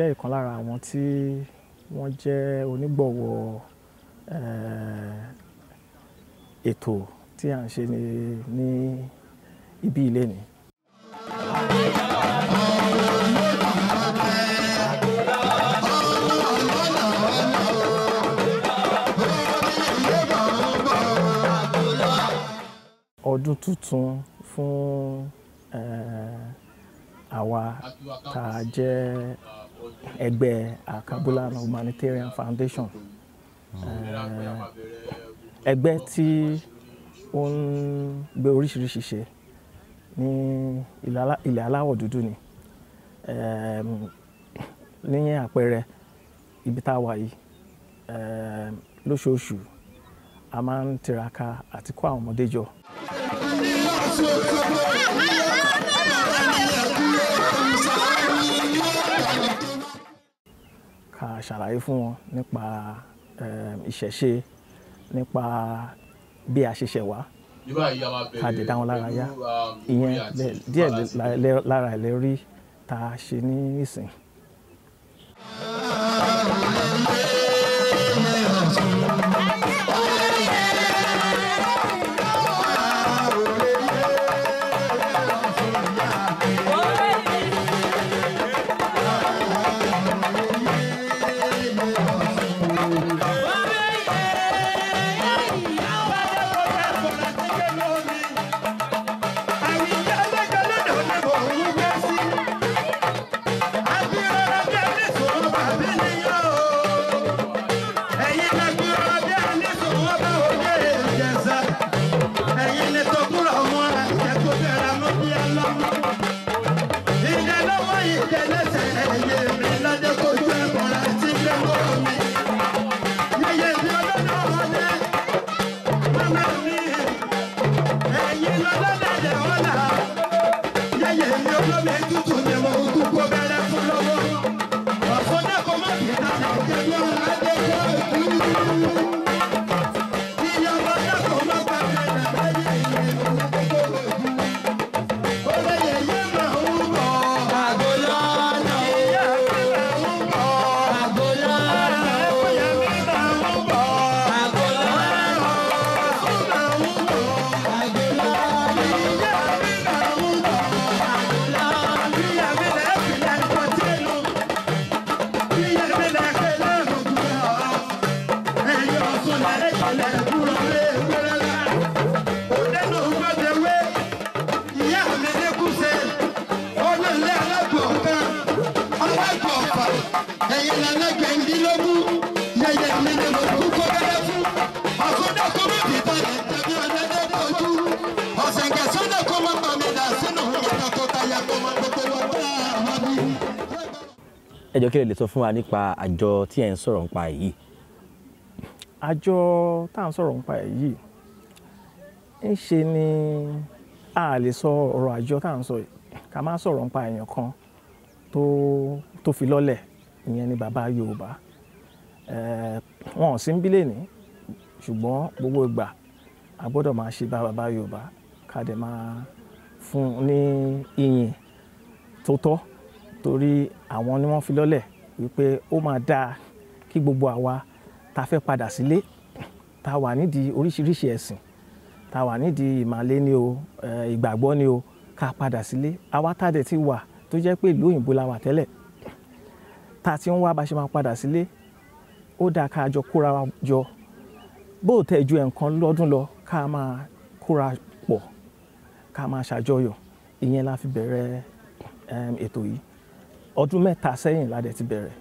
jẹ́ ìkan lára àwọn tí wọ́n jẹ́ onígbọ̀wọ́ eh, ètò tí à ń ṣe ní ibi ilé ni. ọdún tuntun fún eh, àwa tá a jẹ́ ẹgbẹ́ Akabulana Humanitarian Foundation eh, ẹgbẹ́ tí ó ń gbé oríṣiríṣi ṣe ní ilẹ̀ aláwọ̀ dúdú ni ehm, ní àpẹẹrẹ ibi tá a wà yìí ehm, lóṣooṣù a máa ń tiraka àti kó àwọn ọmọdé jọ. ká ṣàlàyé fún wọn nípa ehm, ìṣẹ̀ṣe nípa bí a ṣe ṣẹ̀ wá ká dé dá wọn lára yá um, ìyẹn díẹ̀ lára ìlérí tá a ṣe ní ìsìn. Thank you. kí lè sọ fún wa nípa àjọ tí ẹ̀ ń sọ̀rọ̀ nípa ẹ̀ yìí. àjọ tá à ń sọ̀rọ̀ nípa ẹ̀ yìí ń ṣe ni a lè sọ ọ̀rọ̀ àjọ tá à ń sọ yìí ká má sọ̀rọ̀ nípa èèyàn kan tó tó fi lọ́lẹ̀ ìyẹn ni bàbá Yorùbá wọn ò sí ń bílẹ̀ ní ṣùgbọ́n gbogbo ìgbà a gbọ́dọ̀ máa ṣe bá bàbá Yorùbá ká dẹ̀ máa fún un ní iyìn tó tọ́ torí àwọn ni wọ́n fi lọ́lẹ̀ wípé ó máa dáa kí gbogbo àwa ta fẹ́ padà sílé ta wà nídìí oríṣiríṣi ẹ̀sìn ta wà nídìí ìmàle ni o ìgbàgbọ́ ni o ká padà sílé àwa tá dẹ̀ ti wà tó jẹ́ pé ìlú òyìnbó la wà tẹ́lẹ̀ ta ti ń wá bá ṣe máa padà sílé ó dáa ká jọ kóra jọ bó tẹ̀ ju ẹ̀ǹkan lọ́dún lọ ká máa kóra pọ̀ ká máa ṣàjọyọ̀ ìyẹn la fi bẹ̀rẹ̀ ètò yìí ọdún mẹ́ta sẹ́yìn la dẹ̀ ti bẹ̀rẹ̀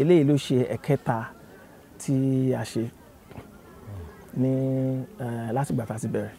eléyìí ló ṣe ẹ̀kẹta tí a ṣe ní eh, látìgbà tá a ti bẹ̀rẹ̀.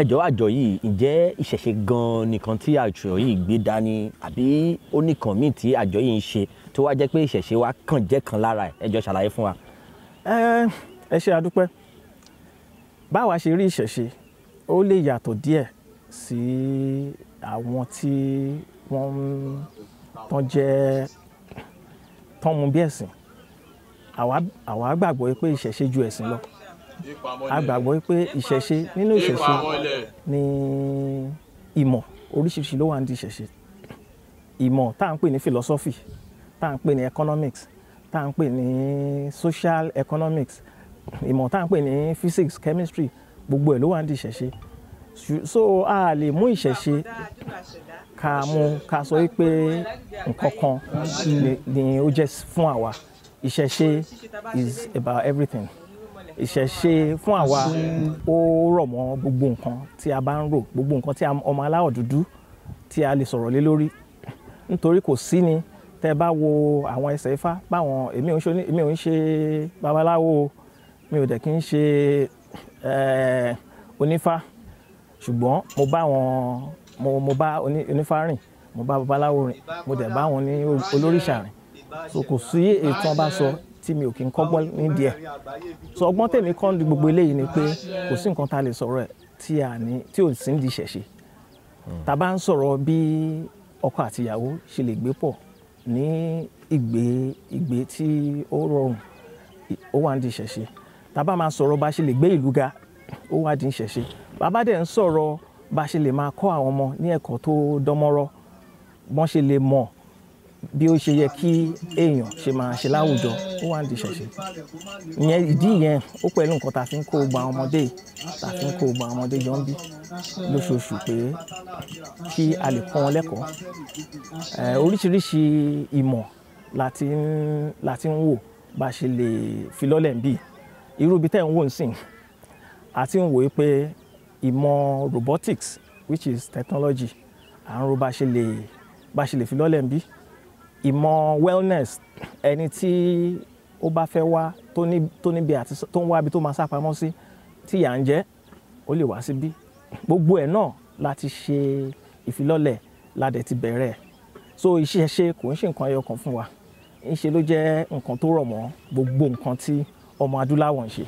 ẹjọ́ àjọ yìí ǹjẹ́ ìṣẹ̀ṣe gan-an nìkan tí àjọ yìí gbé dání àbí ó nìkan míì tí àjọ yìí ń ṣe tó wá jẹ́ pé ìṣẹ̀ṣe wa kàn jẹ́ kan lára ẹ̀ ẹjọ́ ṣàlàyé fún wa. ẹ ṣe àdúpẹ́ báwa ṣe rí ìṣẹ̀ṣe ó lè yàtọ̀ díẹ̀ sí àwọn tí wọ́n tán jẹ́ tán mú bí ẹ̀sìn àwa gbàgbọ́ pé ìṣẹ̀ṣe ju ẹ̀sìn lọ a gbàgbọ́ pé ìṣẹ̀ṣe nínú ìṣẹ̀ṣe ni ìmọ̀ oríṣiríṣi ló wà ní ìṣẹ̀ṣe ìmọ̀ tá à ń pè ní philosophy tá à ń pè ní economics tá à ń pè ní social economics ìmọ̀ tá à ń pè ní physics chemistry gbogbo ẹ̀ ló wà ní ìṣẹ̀ṣe so a lè mú ìṣẹ̀ṣe ká mú ká sọ wípé nǹkan kan ni ó jẹ́ fún àwa ìṣẹ̀ṣe is about everything ìṣẹ̀ṣe fún àwa ó rọ̀ mọ́ gbogbo nǹkan tí a bá ń rò gbogbo nǹkan tí ọmọ aláwọ̀ dúdú tí a lè sọ̀rọ̀ lé lórí nítorí kò sí ni tẹ́ bá wo àwọn ẹsẹ̀ ifá báwọn èmi ò ń ṣe babaláwo mi ò dẹ̀ kí ń ṣe eh, onífá ṣùgbọ́n mo bá wọn mo mo bá onífá rìn mo bá babaláwo rìn mo dẹ̀ bá wọn ní olóríṣà rìn so kò sí ètò ọba sọ tí mi ò kí ń kọ́gbọ́n nídìí ẹ̀ so ọgbọ́n tèmi kọ́ ní gbogbo eléyìí ni pé kò sí nǹkan tá a lè sọ̀rọ̀ ẹ̀ tí a ní tí ò sí ń di ìṣẹ̀ṣe tá a bá ń sọ̀rọ̀ bí ọkọ àtìyàwó ṣe lè gbé pọ̀ ní ìgbé ìgbé tí ó rọrùn ó wà ń di ìṣẹ̀ṣe tá a bá máa sọ̀rọ̀ bá ṣe lè gbé ìlú ga ó wà di ìṣẹ̀ṣe bàbá dẹ̀ ń sọ̀rọ̀ bá ṣe lè máa kọ́ àwọn ọmọ ní ẹ̀kọ́ tó dánmọ́rọ́ bọ́n ṣe lè mọ̀ bí ó ṣe yẹ kí èèyàn ṣe máa ṣe láwùjọ ó wà ní ìṣẹ̀ṣe ìyẹn ìdí yẹn ó pẹ̀lú nǹkan tá a fi ń kó gba ọmọdé tá a fi ń kó gba ọmọdé jọ ń bí lóṣooṣù pé kí a lè kọ́ wọn lẹ́kọ̀ọ́ oríṣiríṣi ìmọ̀ la ti ń wò bá a ṣe lè fi lọ́lẹ̀ ń bì irú ibi tẹ́ ń wò ń sìn a ti ń wò ó pé ìmọ̀ robotics which is technology à ń ro bá a ṣe lè bá fi lọ́lẹ̀ ń bì ìmọ̀ wellness ẹni tí ó bá fẹ́ wá tó níbi àti tó ń wá ibi tó máa sápamọ́ sí tí ìyà ń jẹ ó lè wá síbí gbogbo ẹ̀ náà láti ṣe ìfilọ́lẹ̀ ládẹ̀ ti bẹ̀rẹ̀ so iṣẹ́ ṣe kò ń ṣe nǹkan ẹyọ kan fún wa ń ṣe ló jẹ́ nǹkan tó rọ̀ mọ́ gbogbo nǹkan tí ọmọ adúláwọ̀ ń ṣe.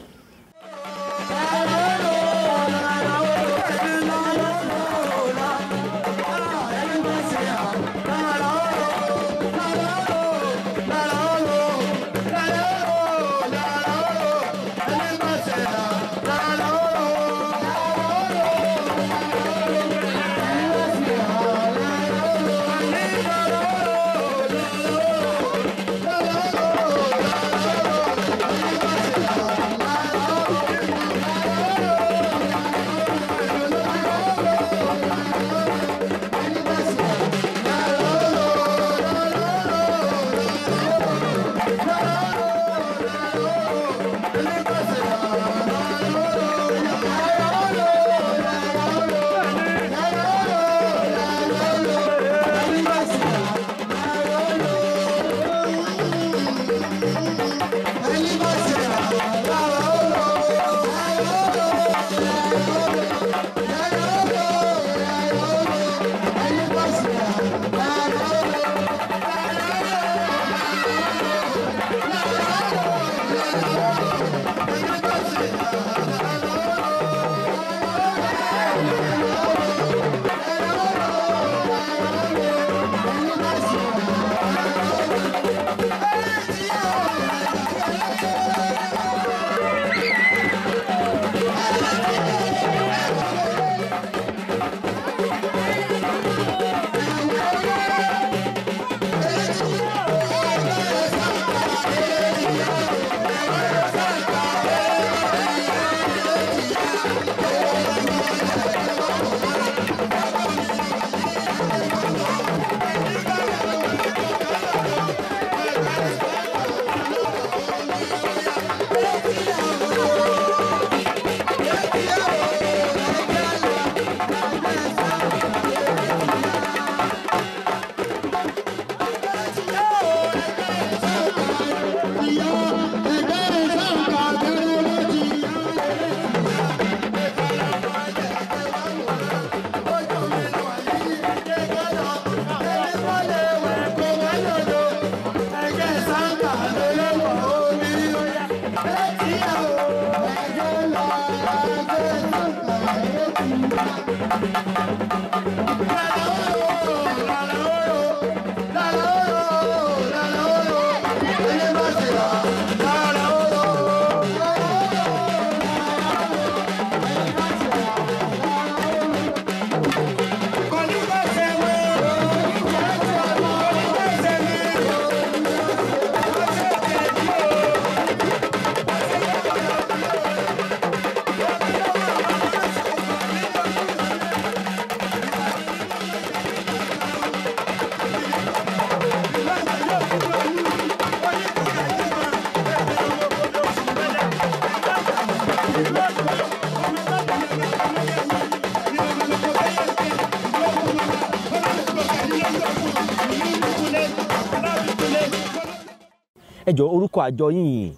ẹ jọ orúkọ àjọ yìnyín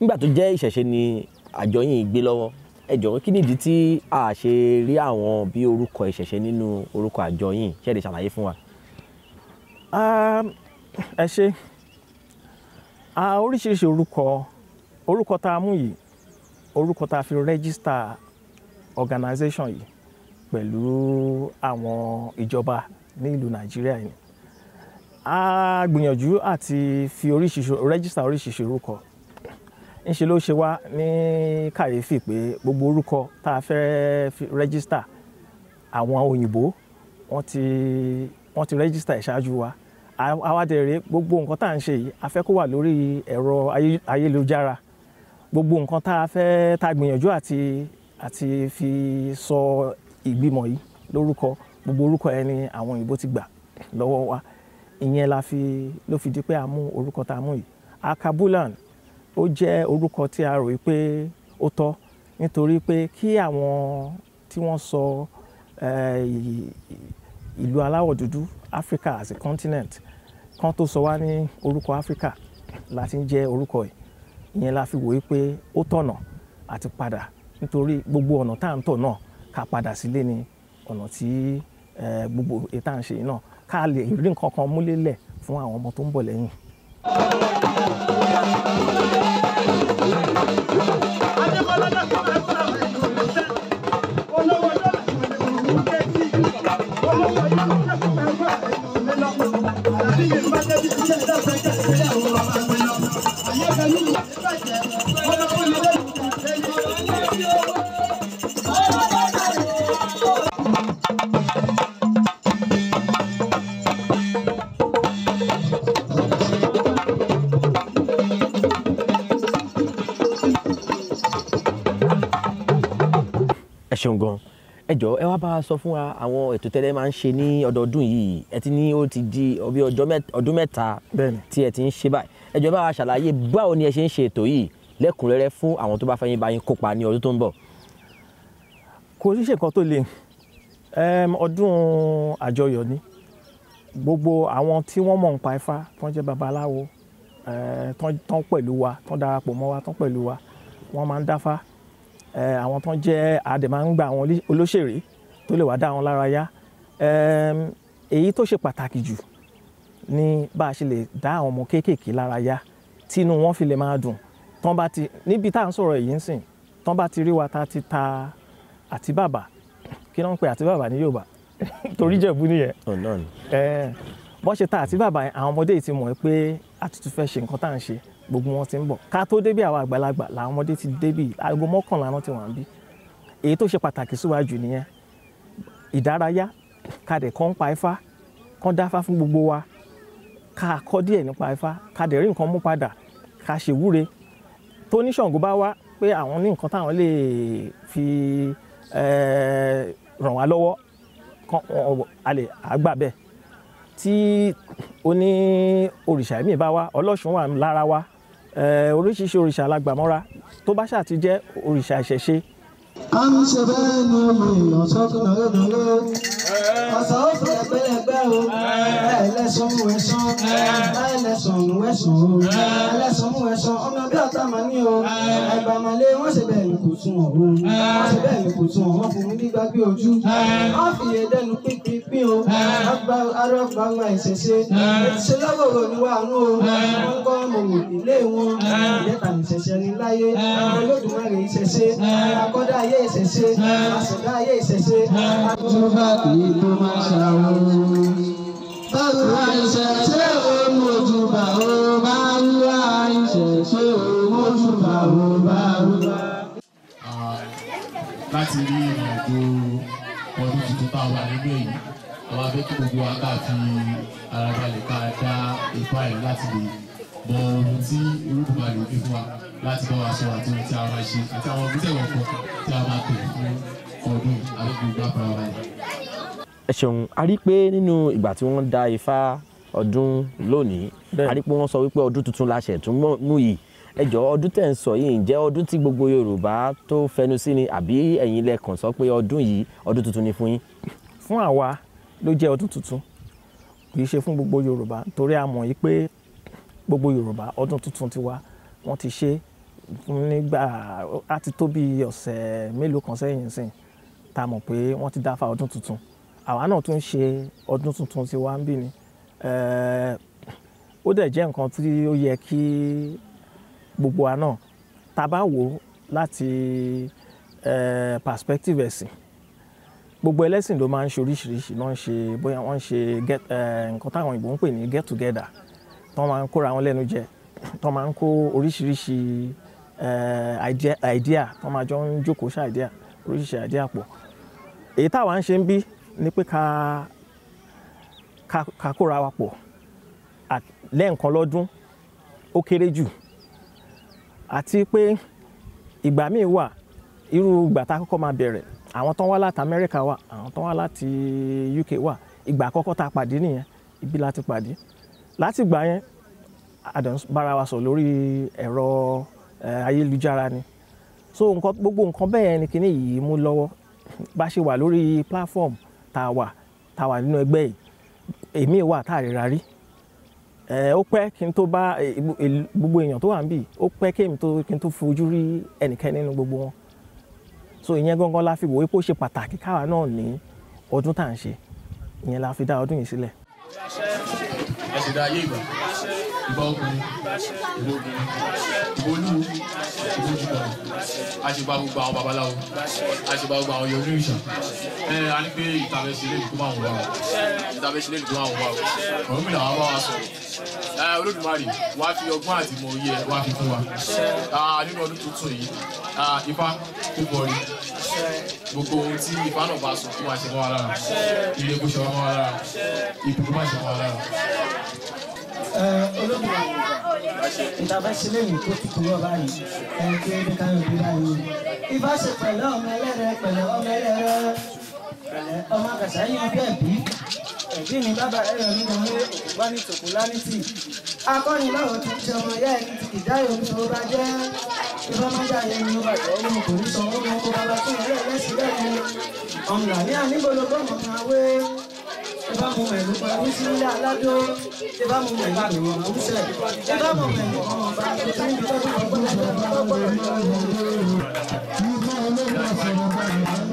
nígbà tó jẹ́ ìṣẹ̀ṣe ni àjọ yìnyín gbé lọ́wọ́ ẹ jọ kí nìdí tí a ṣe rí àwọn bí orúkọ ìṣẹ̀ṣe nínú orúkọ àjọ yìnyín ṣe lè ṣàlàyé fún wa. ẹ ṣe oríṣiríṣi orúkọ orúkọ tá a mú yìí orúkọ tá a fi rẹ́gísítà organization yìí pẹ̀lú àwọn ìjọba ní ìlú nàìjíríà yìí a gbìyànjú àti fi oríṣiríṣi rẹ́gísítà oríṣiríṣi orúkọ ńṣe ló ṣe wá ní kàyéfì pé gbogbo orúkọ tá a fẹ́ rẹ́gísítà àwọn òyìnbó wọ́n ti wọ́n ti rẹ́gísítà ẹ̀ wa àwádẹ̀rẹ̀ gbogbo nǹkan tá à ń ṣe yìí a fẹ́ kó wà lórí ẹ̀rọ ayélujára gbogbo nǹkan tá a fẹ́ tá a gbìyànjú àti àti fi sọ ìgbìmọ̀ yìí lórúkọ gbogbo orúkọ yẹn ni àwọn òyìnbó ti gbà lọ́wọ́ wa ìyẹn la fi ló fi di pé a mú orúkọ tá a mú yìí Akabulan ó jẹ́ orúkọ tí a rò pé ó tọ́ nítorí pé kí àwọn tí wọ́n sọ ìlú aláwọ̀ dúdú Africa as a continent kan tó sọ wá ní orúkọ Africa láti ń jẹ́ orúkọ yìí ìyẹn la fi wòye pé ó tọ̀nà àti padà nítorí gbogbo ọ̀nà tá à ń tọ̀ náà ká padà sílé ni ọ̀nà tí gbogbo ètà ń ṣe náà ká lè rí nǹkan kan múlélẹ̀ fún àwọn ọmọ tó ń bọ̀ lẹ́yìn. Thank ẹ ṣeun gan ẹ jọ̀ọ́ ẹ wá bá a sọ fún wa àwọn ètò tẹ́lẹ̀ máa ń ṣe ní ọdọọdún yìí ẹ ti ní ó ti di ọbí ọdún mẹ́ta tí ẹ ti ń ṣe báyìí ẹ jọ̀ọ́ bá wa ṣàlàyé báwo ni ẹ ṣe ń ṣe ètò yìí lẹ́kùnrẹ́rẹ́ fún àwọn tó bá fẹ́ yín bá yín kópa ní ọdún tó ń bọ̀. kò sí ṣe nǹkan tó le ọdún àjọyọ̀ ni gbogbo àwọn tí wọ́n mọ̀ ń ifá tán jẹ́ babaláwo tán pẹ̀lú wa tán darapọ̀ mọ́ wa tán pẹ̀lú wa wọ́n máa ń dáfá Eh, àwọn tán jẹ́ àdèmá ń gba àwọn olóṣèré tó lè wá dá wọn lára yá èyí tó ṣe pàtàkì jù ni bá a ṣe lè dá àwọn ọmọ kéékèèké lára yá tí inú wọn fi lè máa dùn tán bá ti níbi tá à ń sọ̀rọ̀ yìí ń sìn tán bá ti rí wa ta ti ta àti bàbà kí ló ń pè àti bàbà ní Yorùbá torí Jẹ̀bú nìyẹn eh, bọ́n ṣe ta àti bàbà àwọn ọmọdé yìí ti mọ̀ pé a tuntun fẹ́ ṣe nǹkan tá à ń ṣe gbogbo wọn ti ń bọ̀ ká tó débi àwọn àgbàlagbà làwọn ọmọdé ti débi aago mọ́kànlá wọn ti wà ń bí èyí tó ṣe pàtàkì síwájú nìyẹn ìdárayá ká dẹ̀ kọ́ ń pa ifá kọ́ dáfá fún gbogbo wa ká kọ́ díẹ̀ nípa ifá ká dẹ̀ rí nǹkan mú padà ká ṣèwúre tó ní Ṣàngó bá wá pé àwọn ní nǹkan táwọn lè fi eh, ràn wá lọ́wọ́ alẹ́ àgbà bẹ́ẹ̀ tí oní òrìṣà ẹ̀mí bá wá ọlọ́ṣun wà lára wa Eh, oríṣiríṣi òrìṣà la gbà mọ́ra tó bá ṣáà ti jẹ́ òrìṣà ìṣẹ̀ṣe à ń ṣe bẹ́ẹ̀ ni oyè ọ̀ṣọ́kùnà rédòré ọ̀sán ó fi ẹgbẹ́ ẹgbẹ́ o ẹlẹ́sùn wẹ̀sán ẹlẹ́sùn wẹ̀sán o ẹlẹ́sùn wẹ̀sán ọmọ bí ọ̀tá mà ní o ẹgbà màlẹ́ wọ́n ṣe bẹ́ẹ̀ ni kò tún ọ̀hún wọ́n ṣe bẹ́ẹ̀ ni kò tún ọ̀hún fún mi nígbà bí ojú wọ́n fi ẹ̀dẹ́nu pínpín o ọgbà arọ́gbàgbà ìṣẹ̀ṣe ìṣe lọ́wọ́rọ̀ ni wà nù o wọ́n kọ́ mọ̀wò ilé wọn ìyẹ́ta ìṣẹ̀ṣe ní láyé olódùmarè ìṣẹ̀ṣe akọ́dà ayé ìṣẹ̀ṣe àṣẹ̀dá ayé ìṣẹ̀ṣe. tó bá kì í tó máa ṣàwọ̀. báwo ìṣẹ̀ṣe ò mojú bá o bá ń wá ìṣẹ̀ṣe ò mojú bá o bá ń wá. láti rí ìrìnàjò ọdún tuntun tá a wà àwọn abẹ́ kí gbogbo wa ká ká dá ìfọ̀ àìrí láti lè mọ ohun tí olùkọ́ àlè fi fún wa láti bá wa sọ àti ohun tí a máa ṣe àti àwọn ìgbésẹ̀ wọ̀nkan tí a máa tẹ̀ fún ọdún alágbègbè àpárá ẹ ṣeun a rí i pé nínú ìgbà tí wọ́n dá ifá ọdún lónìí a rí i pé wọ́n sọ wípé ọdún tuntun la ṣẹ̀ tún mú yìí ẹ jọ̀ọ́ ọdún tẹ̀ ń sọ yìí ǹjẹ́ ọdún tí gbogbo yorùbá tó fẹnu sí ni àbí ẹ̀yin lẹ kàn sọ pé ọdún yìí ọdún tuntun ni fún yín. fún àwa ló jẹ́ ọdún tuntun kì í ṣe fún gbogbo yorùbá torí a mọ̀ yìí pé gbogbo yorùbá ọdún tuntun ti wá wọ́n ti ṣe nígbà á ti tó bí ọ̀sẹ̀ mélòó kan sẹ́yìn sìn tá a mọ̀ pé wọ́n ti dáfa ọdún tuntun àwa náà tún ṣe ọdún tuntun tiwa ń bí ni ó dẹ̀ jẹ́ nǹkan tí ó yẹ kí gbogbo wa náà tá bá wò ó láti perspective ẹ̀sìn gbogbo ẹlẹ́sìn ló máa ń ṣe oríṣiríṣi náà ń ṣe bóyá wọ́n ń ṣe nǹkan táwọn òyìnbó ń pè ní get together tí wọ́n máa ń kóra wọn lẹ́nu jẹ tó máa ń kó oríṣiríṣi eh, idea tó máa jọ ń jókòó ṣe idea oríṣiríṣi idea pọ̀ èyí táwa ń ṣe ń bí ni pé ká ká kóra wa pọ̀ lẹ́ẹ̀kan lọ́dún ó kéré jù àti pé ìgbà míì wà irú ìgbà tá a kọ́kọ́ máa bẹ̀rẹ̀ àwọn tán wá láti Amẹ́ríkà wà àwọn tán wá láti UK wà ìgbà àkọ́kọ́ tá a pàdé nìyẹn ibi láti pàdé látìgbà yẹn àdán bára wa sọ lórí ẹ̀rọ ayélujára ni so nǹkan gbogbo nǹkan bẹ́ẹ̀ ni kíní yìí mú lọ́wọ́ bá ṣe wà lórí platform tá a wà tá a wà nínú ẹgbẹ́ yìí èmi wà tá a ríra rí ó pẹ́ kí n tó bá e, e, gbogbo èèyàn tó wà níbí ó pẹ́ kí n tó fojú rí ẹnikẹ́ni nínú gbogbo wọn so ìyẹn gangan la fi wò wípé ó ṣe pàtàkì káwa náà ní ọdún tá à ń ṣe ìyẹn la fi dá ọdún yìí sílẹ̀. ẹ ti dá ayé ìgbà ìbá ọkùnrin ìbò obìnrin ìbò olúwo ìbò jùlọ àṣebá gbogbo àwọn babaláwo àṣebá gbogbo àwọn yọrí ìṣà ẹ a ní pé ìtàbẹ̀sẹ̀ lè kó máa wù wá o ìtàbẹ̀sẹ̀ lè kó máa wù wá o ọ̀rọ̀ mi làwọn bá wa sọ ẹ olódùmarè wàá fi ọgbọ́n àti ìmọ̀ òye ẹ wàá fi fún wa nínú ọdún tuntun yìí ifá kó bọ̀rí gbogbo ohun tí ifá náà bá sọ fún wa ṣe mọ́ wa lára ìrẹ́kùn ṣe wa mọ́ wa lára ìbùkún má ṣe mọ́ wa lára olóògbé ìtàbá sílé yìí tó tutù wọ báyìí ẹni tí ebi ká yọjú báyìí ifá ṣe pẹ̀lẹ́ ọmọ ẹlẹ́rẹ̀ pẹ̀lẹ́ ọmọ ẹlẹ́rẹ̀ pẹ̀lẹ́ ọmọ àgàtà yẹn bí ẹ̀bí ẹ̀bí ni bàbá ẹ̀rọ mi ló ń lé wá ní tòkó lánìtì akọni báwo ti ṣe ọmọ ìyá ẹni ti dá ìhòòhò tó bá jẹ́ ifá yẹn ní ó bàjẹ́ ó mú kò ní sọ ó kó bàbá tó yẹn lẹ́sìn tẹ́bá mọ mẹ̀lú kan ní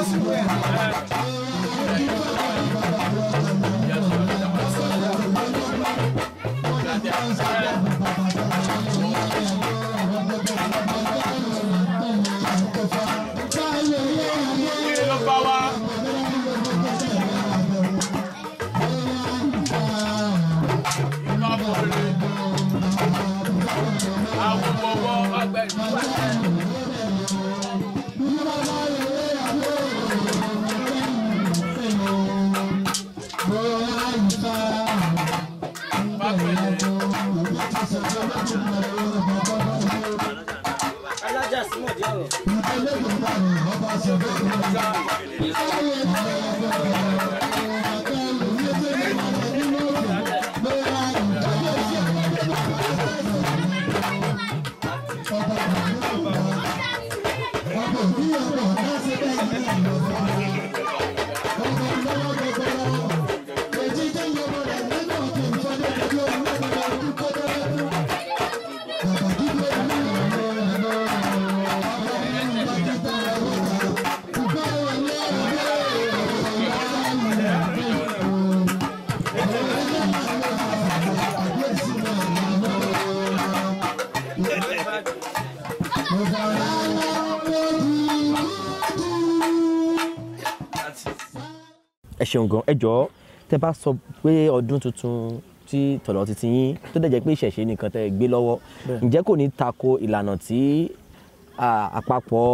lásìkò ẹ̀. ṣeun gan ẹ jọ̀ọ́ tẹ bá sọ pé ọdún tuntun tí tọ̀dọ̀ ti tiyín tó dẹ̀ jẹ́ pé ìṣẹ̀ṣe nìkan tẹ gbé lọ́wọ́ ǹjẹ́ kò ní tako ìlànà tí àpapọ̀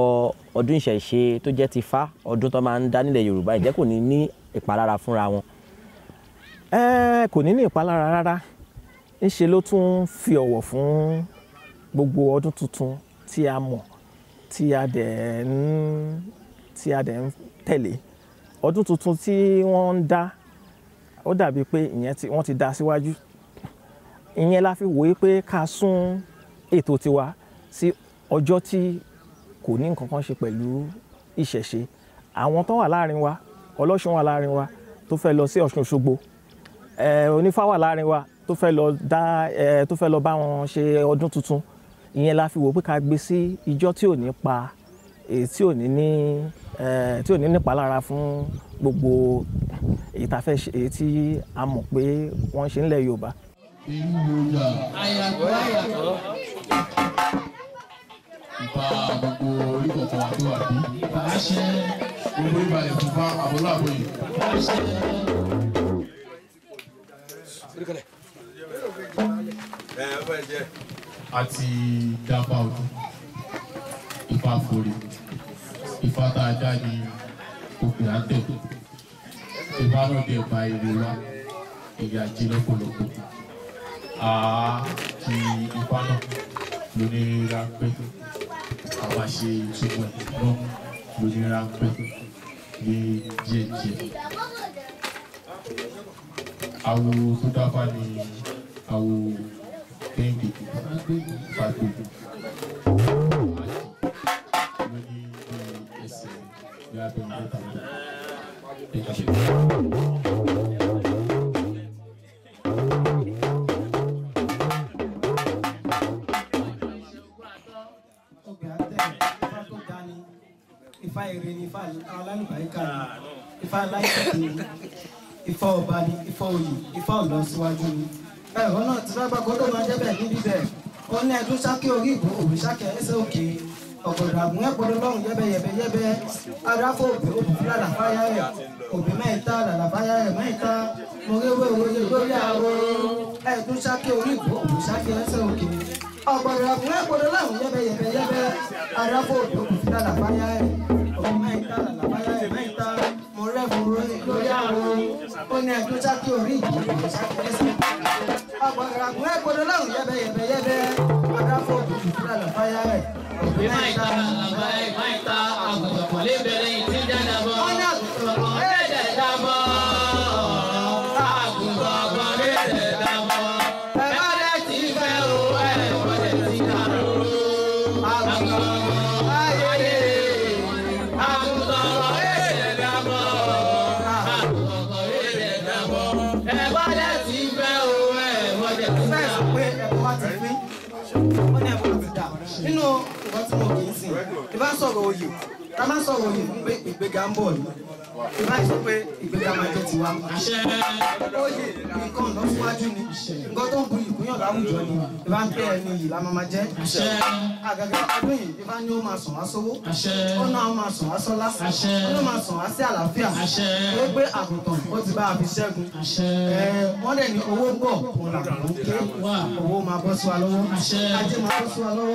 ọdún ìṣẹ̀ṣe tó jẹ́ ti fá ọdún tó máa ń dá nílẹ̀ Yorùbá ǹjẹ́ kò ní ní ìpalára fúnra wọn. ẹ kò ní ní ìpalára rárá ńṣe ló tún fi ọ̀wọ̀ fún gbogbo ọdún tuntun tí a mọ̀ tí a dẹ̀ ń tí a dẹ̀ ń tẹ̀lé ọdún tuntun tí wọ́n ń dá ó dàbí pé ìyẹn tí wọ́n ti dá síwájú ìyẹn la fi wòye pé ká sún ètò tiwa sí ọjọ́ tí kò ní nǹkan kan ṣe pẹ̀lú ìṣẹ̀ṣe àwọn tó wà láàrin wa ọlọ́ṣun wà láàrin wa tó fẹ́ lọ sí ọ̀ṣun ṣogbo onífá wà láàrin wa tó fẹ́ lọ dá tó fẹ́ lọ bá wọn ṣe ọdún tuntun ìyẹn la fi wò pé ká gbé sí ijọ́ tí ò ní pa èyí tí ò ní ní tí ò ní nípa lára fún gbogbo èyí tá a fẹ́ èyí tí a mọ̀ pé wọ́n ṣe nílẹ̀ Yorùbá. inú mo yà àyàtọ̀ àyàtọ̀ ìfà gbogbo orí kọ̀ọ̀kan àti gbogbo ìbàlẹ̀ fún bá àbọ̀lọ́ àbọ̀yè. àti dábàá ọdún ìfà forí. Ifá tá a já ní òkè àtẹ Ifá náà dẹ̀ gba èrè wa èyí àjí lọ́pọ̀lọpọ̀ àá ti Ifá náà lónìí ráńpẹ́ àwa ṣe ìtumọ̀ náà lónìí ráńpẹ́ ní díẹ̀díẹ̀ awo tó dábàá ni awo kẹ́hìndé fagbègbè. ya tó ń bá ta ọgbẹ atẹ ifá tó ga ni ifá èrè ni ifá alálùbáríkà ni ifá aláìsàn ni ifá ọba ni ifá oyè ifá ọlọsíwájú ni ẹ̀rọ náà ti sábà gbọ́dọ̀ máa jẹ́ bẹ́ẹ̀ níbi bẹ́ẹ̀ ó ní ẹdún sákẹ́ orí ìbò òrìṣàkẹ́ ẹsẹ̀ òkè ọ̀gọ̀dọ̀ àgùn ẹ̀pọ̀dọ̀ lọ́rùn yẹ́bẹ̀yẹ̀bẹ̀ yẹ́bẹ̀ adáfò òbí òbí làlàfáyà ẹ̀ òbí mẹ́ta làlàfáyà ẹ̀ mẹ́ta mọ̀rẹ́wé òye lórí àwọ̀ ẹ̀dún sáké orí ìbò òbí sáké ẹsẹ̀ òkè ọ̀gọ̀dọ̀ àgùn ẹ̀pọ̀dọ̀ lọ́rùn yẹ́bẹ̀yẹ̀bẹ̀ yẹ́bẹ̀ adáfò òbí òbí làlàfáyà ẹ̀ òbí mẹ́ta làlàfáyà onye ntụchaka ori agbagara gụọ ekpodolo ahụ a yebe yebe agafọ òkùnkùn àlàfáyà rẹ. ìmáìta àgbàdàpọ̀ lébẹ̀rẹ̀ ìtìjà dàbọ̀. 草が多い ká má sọ̀rọ̀ yìí pé ìgbéga ń bọ̀ yìí sọ pé ìgbéga máa jẹ́ tiwa. oyè nǹkan lọ ni nǹkan tó ń bu ìkúnyàn láwùjọ ni ìbá ń bẹ́ẹ̀ ni yìí la máa máa jẹ́. àgàgà ọdún yìí ìbá ní ó máa sàn wá sówó ọ̀nà àwọn máa sàn wá sọ́lá ọ̀nà máa sàn wá sí àlàáfíà ó gbé àgùntàn ó ti bá a fi ṣẹ́gun. wọ́n dẹ̀ ní owó ń ké owó máa bọ́ sí wa lọ́wọ́ ajé máa bọ́ sí wa lọ́wọ́.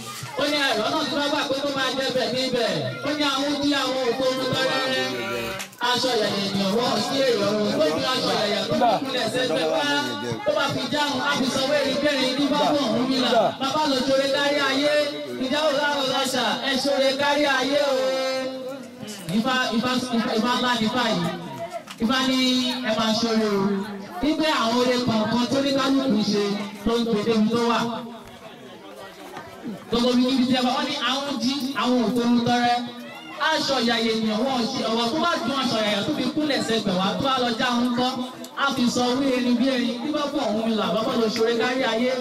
ó ní àìrọ́ náà tí wọ́n gbà pé kó máa jẹ bẹ̀ níbẹ̀ ó ní àwọn bí àwọn òkú orun bá rẹ́rẹ́ aṣọ yẹ̀yẹ̀ ni ọ̀wọ́ sí èrò ọ̀run tó fi aṣọ yẹ̀yẹ̀ tó fi kúnlẹ̀ sẹ́gbẹ́ wá tó bá fi jáhùn àfisọwọ́ èrìkẹ́rin ní bábọ̀ ọ̀hún mi là bàbá lòjòrè kárí ayé ìjáwó láwọn lọ́ṣà ẹ̀ṣọ́rè kárí ayé o. ìfá ìfá ìfá ńlá nípa yìí ìfá ní ẹ máa ṣọrẹ o. nígbà àwọn olè kọ̀ọ̀kan tó ní kálukú ṣe tó ń pèdé mi tó wà gbogbo mi níbi tí ẹ wá wọ́n ní àwọn jí àwọn òfin tọrẹ aṣọ ìyàyè ènìyàn wọn ò ṣe ọwọ́ tó bá dùn aṣọ ìyàyè tó fi kúnlẹ̀ sẹgbẹ̀ wá tó bá lọ já ń kọ́ á fi sọ wí erin bí erin bí bá bọ̀ òun là bá lọ ṣoore kárí ayé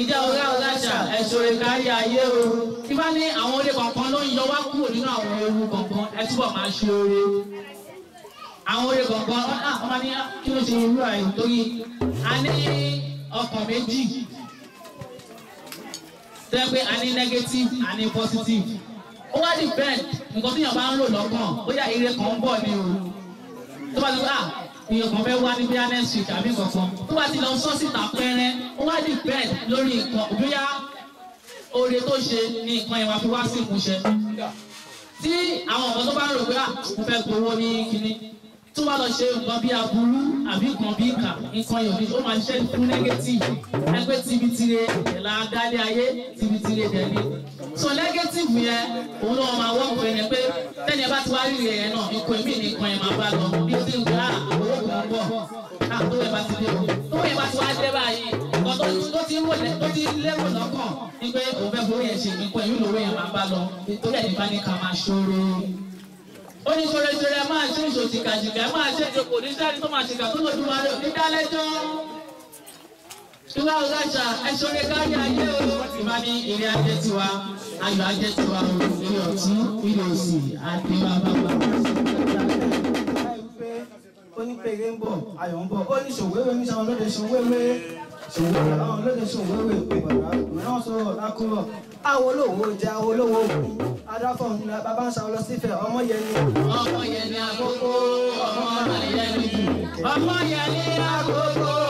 ìjà ọ̀rẹ́ ọ̀làṣà ẹ kárí ayé o tí bá ní àwọn oore kọ̀ọ̀kan ló ń yọ wá kúrò nínú àwọn ewu kọ̀ọ̀kan ẹ túbọ̀ máa ṣe oore àwọn oore kọ̀ọ̀kan ah, ọmọ ní ah, kí ló ṣe irú àìtóyí a ní ọkàn méjì tẹ́ pé a negative a positive ó wá di bẹ́ẹ̀ nǹkan tí yàn bá ń lò lọ́kàn bóyá ire kan ń bọ̀ ni o tó bá ti wá ah, èèyàn kan fẹ́ wá ní bí next week àbí kankan tó bá ti lọ sọ síta pẹ́rẹ́ ó wá di bẹ́ẹ̀ lórí nǹkan bóyá oore tó ṣe ni nǹkan yẹn wá fi wá sí ìmúṣẹ tí àwọn ọ̀gá tó bá ń rò pé à ah, mo fẹ́ gbowó ní kinní tó bá lọ ṣe nǹkan bí aburú àbí nǹkan bí ìkà nǹkan yòóbí ó máa ṣiṣẹ́ fún nẹ́gẹ́tìfù ẹgbẹ́ tibitire ìlà agálẹ̀ ayé tibitire dẹ̀bi so nẹ́gẹ́tìfù yẹn òun náà máa wọ́pọ̀ ẹni pé tẹ́ni ẹ bá ti wá rí rẹ̀ yẹn náà nǹkan èmi nìkan yẹn máa bá lọ bí ó ti ń gbà ah, àbúrò bọ̀ àbúrò ah, yẹn bá ti dé o tó yẹn bá ti wá dé báyìí ọ̀tọ̀ tó ti wò lẹ́ tó ti lérò lọ́kàn ní pé òun fẹ́ fowó yẹn ṣe nǹkan èmi lówó yẹn máa bá lọ nítorí ẹ̀ ó ní kọrẹjọrẹ máa ṣe èso tìkàjìkà máa ṣe èso kò ní sáré tó máa ṣìkà tó lòdù wa rẹ òní dálẹ́jọ́ ìwà ọ̀gáṣà ẹ̀ṣọ́rẹ́ kárí ayé o ìmàmí ìrìn ajé tiwa ayọ̀ ajé tiwa o ilé ọ̀tún ilé òsì àti bàbá bàbá. onípèrè ń bọ̀ ayọ̀ ń bọ̀ ó ní ṣòwéwé ní sanwó-lóde sanwó-lóde ṣèlú àwọn olóṣèṣù wéwè pé bàbá mìíràn sọ̀rọ̀ lákúrọ̀ àwọn olówó jẹ àwọn olówó òkú adáfọ̀ ńlá bàbá ń sàrọ̀ sífẹ̀ ọmọ yẹn ni. ọmọ yẹn ni àkókò ọmọ yẹn ọmọ yẹn ni àkókò.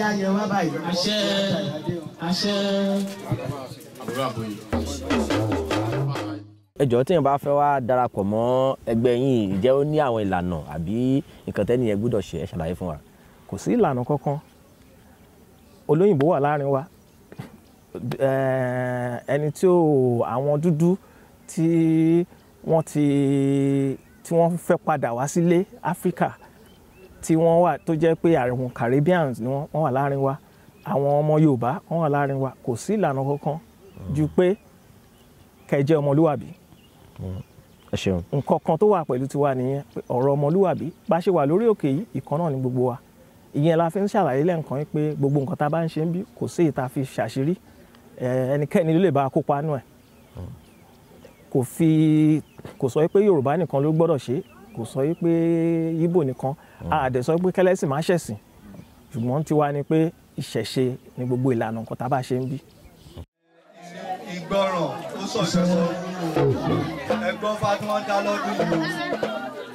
yá yẹ wá báyìí. àṣẹ àṣẹ. àbúrò àbòyè. ẹ jọ̀ọ́ tí èèyàn bá fẹ́ wá darapọ̀ mọ́ ẹgbẹ́ yín ìjẹ́ ó ní àwọn ìlànà àbí nǹkan tẹ́nìyẹn gbọ́dọ̀ ṣe ẹ ṣàlàyé fún wa. kò sí ìlànà kankan olóyìnbó wà láàrin wa ẹni tí ó àwọn dúdú tí wọ́n ti tí wọ́n fẹ́ padà wá sílé Áfíríkà tí wọ́n wà tó jẹ́ pé àwọn Caribbeans ni wọ́n wà láàrin wa àwọn ọmọ Yorùbá wọ́n wà láàrin wa kò sí ìlànà kankan ju mm. pé kẹjẹ ọmọlúwàbí mm. nǹkan kan tó wà pẹ̀lú tiwa nìyẹn ọ̀rọ̀ ọmọlúwàbí bá ṣe wà lórí òkè yìí ìkan náà ni gbogbo wa ìyẹn la fi ń ṣàlàyé lẹ́ǹkan pé gbogbo nǹkan tá a bá ń ṣe ń bí kò sí ìta fi ṣàṣírí ẹnikẹ́ni ló lè bá a kópa nù ẹ̀ mm. kò sọ pé Yorùbá nìkan ló gbọ́dọ̀ ṣe kò sọ pé Ìgbò nìkan àdẹ̀ mm. sọ pé kẹlẹ́sìn má ṣẹ̀sìn ṣùgbọ́n tiwa ni pé ìṣẹ̀ṣe ni gbogbo ìlànà nǹkan tá a bá ṣe ń bí. ìgbọràn ó sọ̀sẹ̀ sọ wúwo ẹgbọ́n fatiwọn dá lọ́dún yìí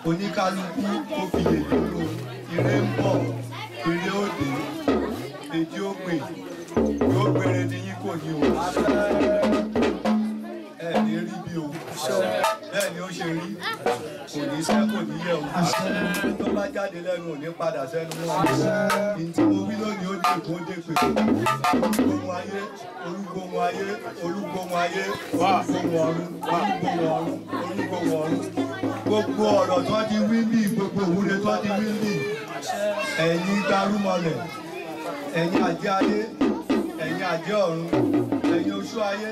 oníkálukú kò fi lè dúró ire ń bọ̀ ire ó dé èjì ó pè yóò gbére ní yín kò ní o ẹ̀ ní rí bí o bẹ́ẹ̀ ni ó ṣe rí kò ní sẹ́ kò ní yẹ̀ o tó bá jáde lẹ́nu ò ní padà sẹ́nu wọn ìtí mo wí lónìí ó dé kó dé pé olúgbóhun ayé olúgbóhun ayé olúgbóhun ayé olúgbóhun ọ̀run olúgbóhun ọ̀run olúgbóhun ọ̀run gbogbo ọ̀rọ̀ tó ti wí ní gbogbo òwúre tó ti wí ní ẹ̀yin gbárùmọ̀lẹ̀ ẹ̀yin àjẹ́ ayé ẹ̀yin àjẹ́ ọ̀run ẹ̀yin oṣù ayé.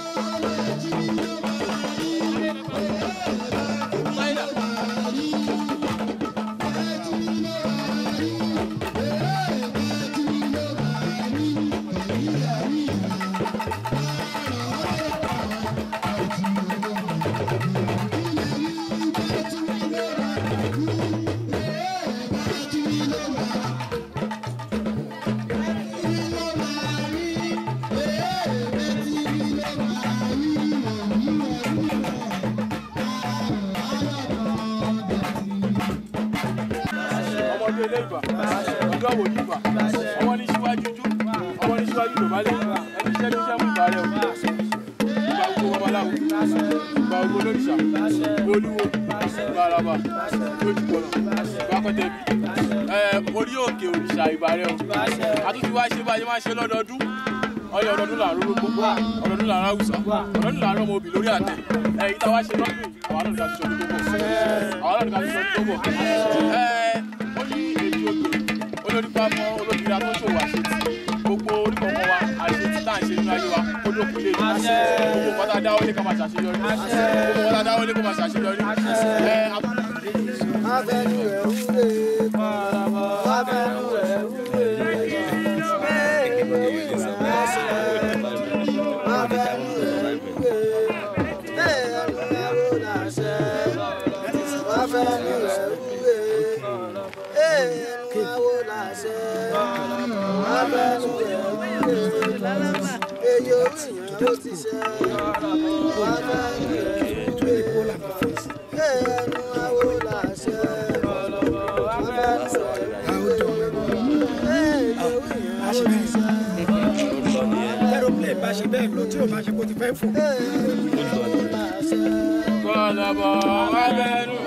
ilé ìgbà ọjọ́ àwòjú ìgbà ọwọ́ ní síwájú jú ọwọ́ ní síwájú lòbálẹ̀ ẹni iṣẹ́ ní iṣẹ́ mú ìgbà rẹ̀ o ìgbà gbogbo babaláwo ìgbà gbogbo lóríṣà olúwo ìgbà araba lójúbọ̀nà ìgbà kọ́tẹ́bí orí òkè òrìṣà ìgbà rẹ̀ o àtúntí wá ṣe bá ṣe máa ṣe lọ́dọọdún ọyọ ọdọọdún làárọ gbogbo ọdọọdún làárọ awùsà ọdọọdún làárọ ọmọ obì lórí àtẹ ẹ̀yìn táwa ṣe lọ́dún àwọn náà ní ká ti sọ ní gbogbo àwọn náà ní ká ti sọ ní gbogbo olórí pamọ́ olóbìnrin àtúnṣòwò àṣetì gbogbo orí kọ̀ọ̀kan wa àṣetì tá à ń ṣe nínú ayé wa kó ló kú gbogbo kọ́tà dáwọ́lé kó máa ṣàṣeyọrí gbogbo kọ́tà dáwọ́lé kó máa ṣàṣeyọrí. bẹ́ẹ̀ lọ tí o bá ṣe bó ti fẹ́ fò. kọ́ńtà bọ̀ wá bẹ́ẹ̀ nù.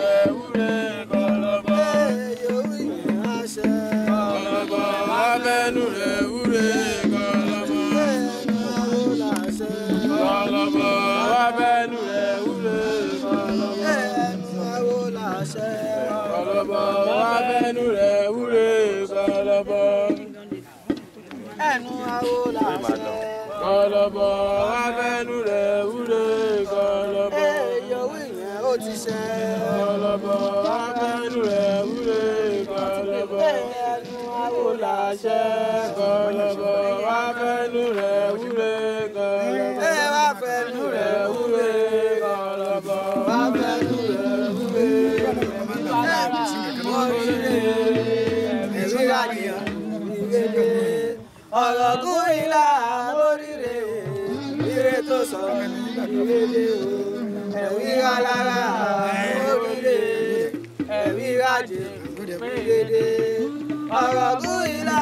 lọ́bọ̀ abẹ́nu rẹ̀ wúre kan lọ́bọ̀. ẹyọ wíyẹn ó ti ṣe. kan lọ́bọ̀ abẹ́nu rẹ̀ wúre kan lọ́bọ̀. ẹnu àwọn làṣẹ kan lọ́bọ̀ abẹ́nu rẹ̀ wúre kan lọ́bọ̀. ẹ wá fẹ́nu rẹ̀ wúre kan lọ́bọ̀ abẹ́nu rẹ̀ wúre kan lọ́bọ̀. ọ̀rọ̀ kúrin láà sọ ìrèlè o ẹ̀wíra lára oríire ẹ̀wíra jẹ ìrèlè ọ̀rọ̀ búrìlà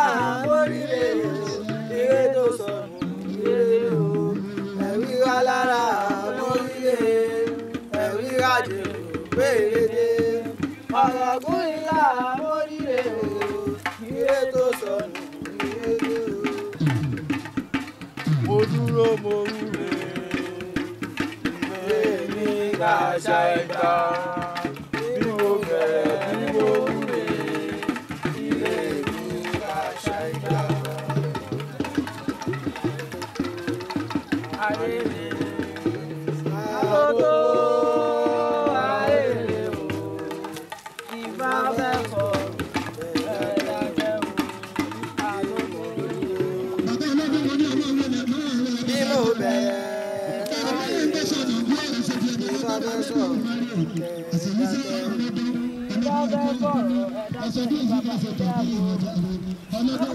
oríire ìrè tó sọ ìrèlè o ẹ̀wíra lára oríire ẹ̀wíra jẹ ìrèlè ọ̀rọ̀ búrìlà oríire ìrè tó sọ ìrèlè o mo dúró mo wí. say, Shaita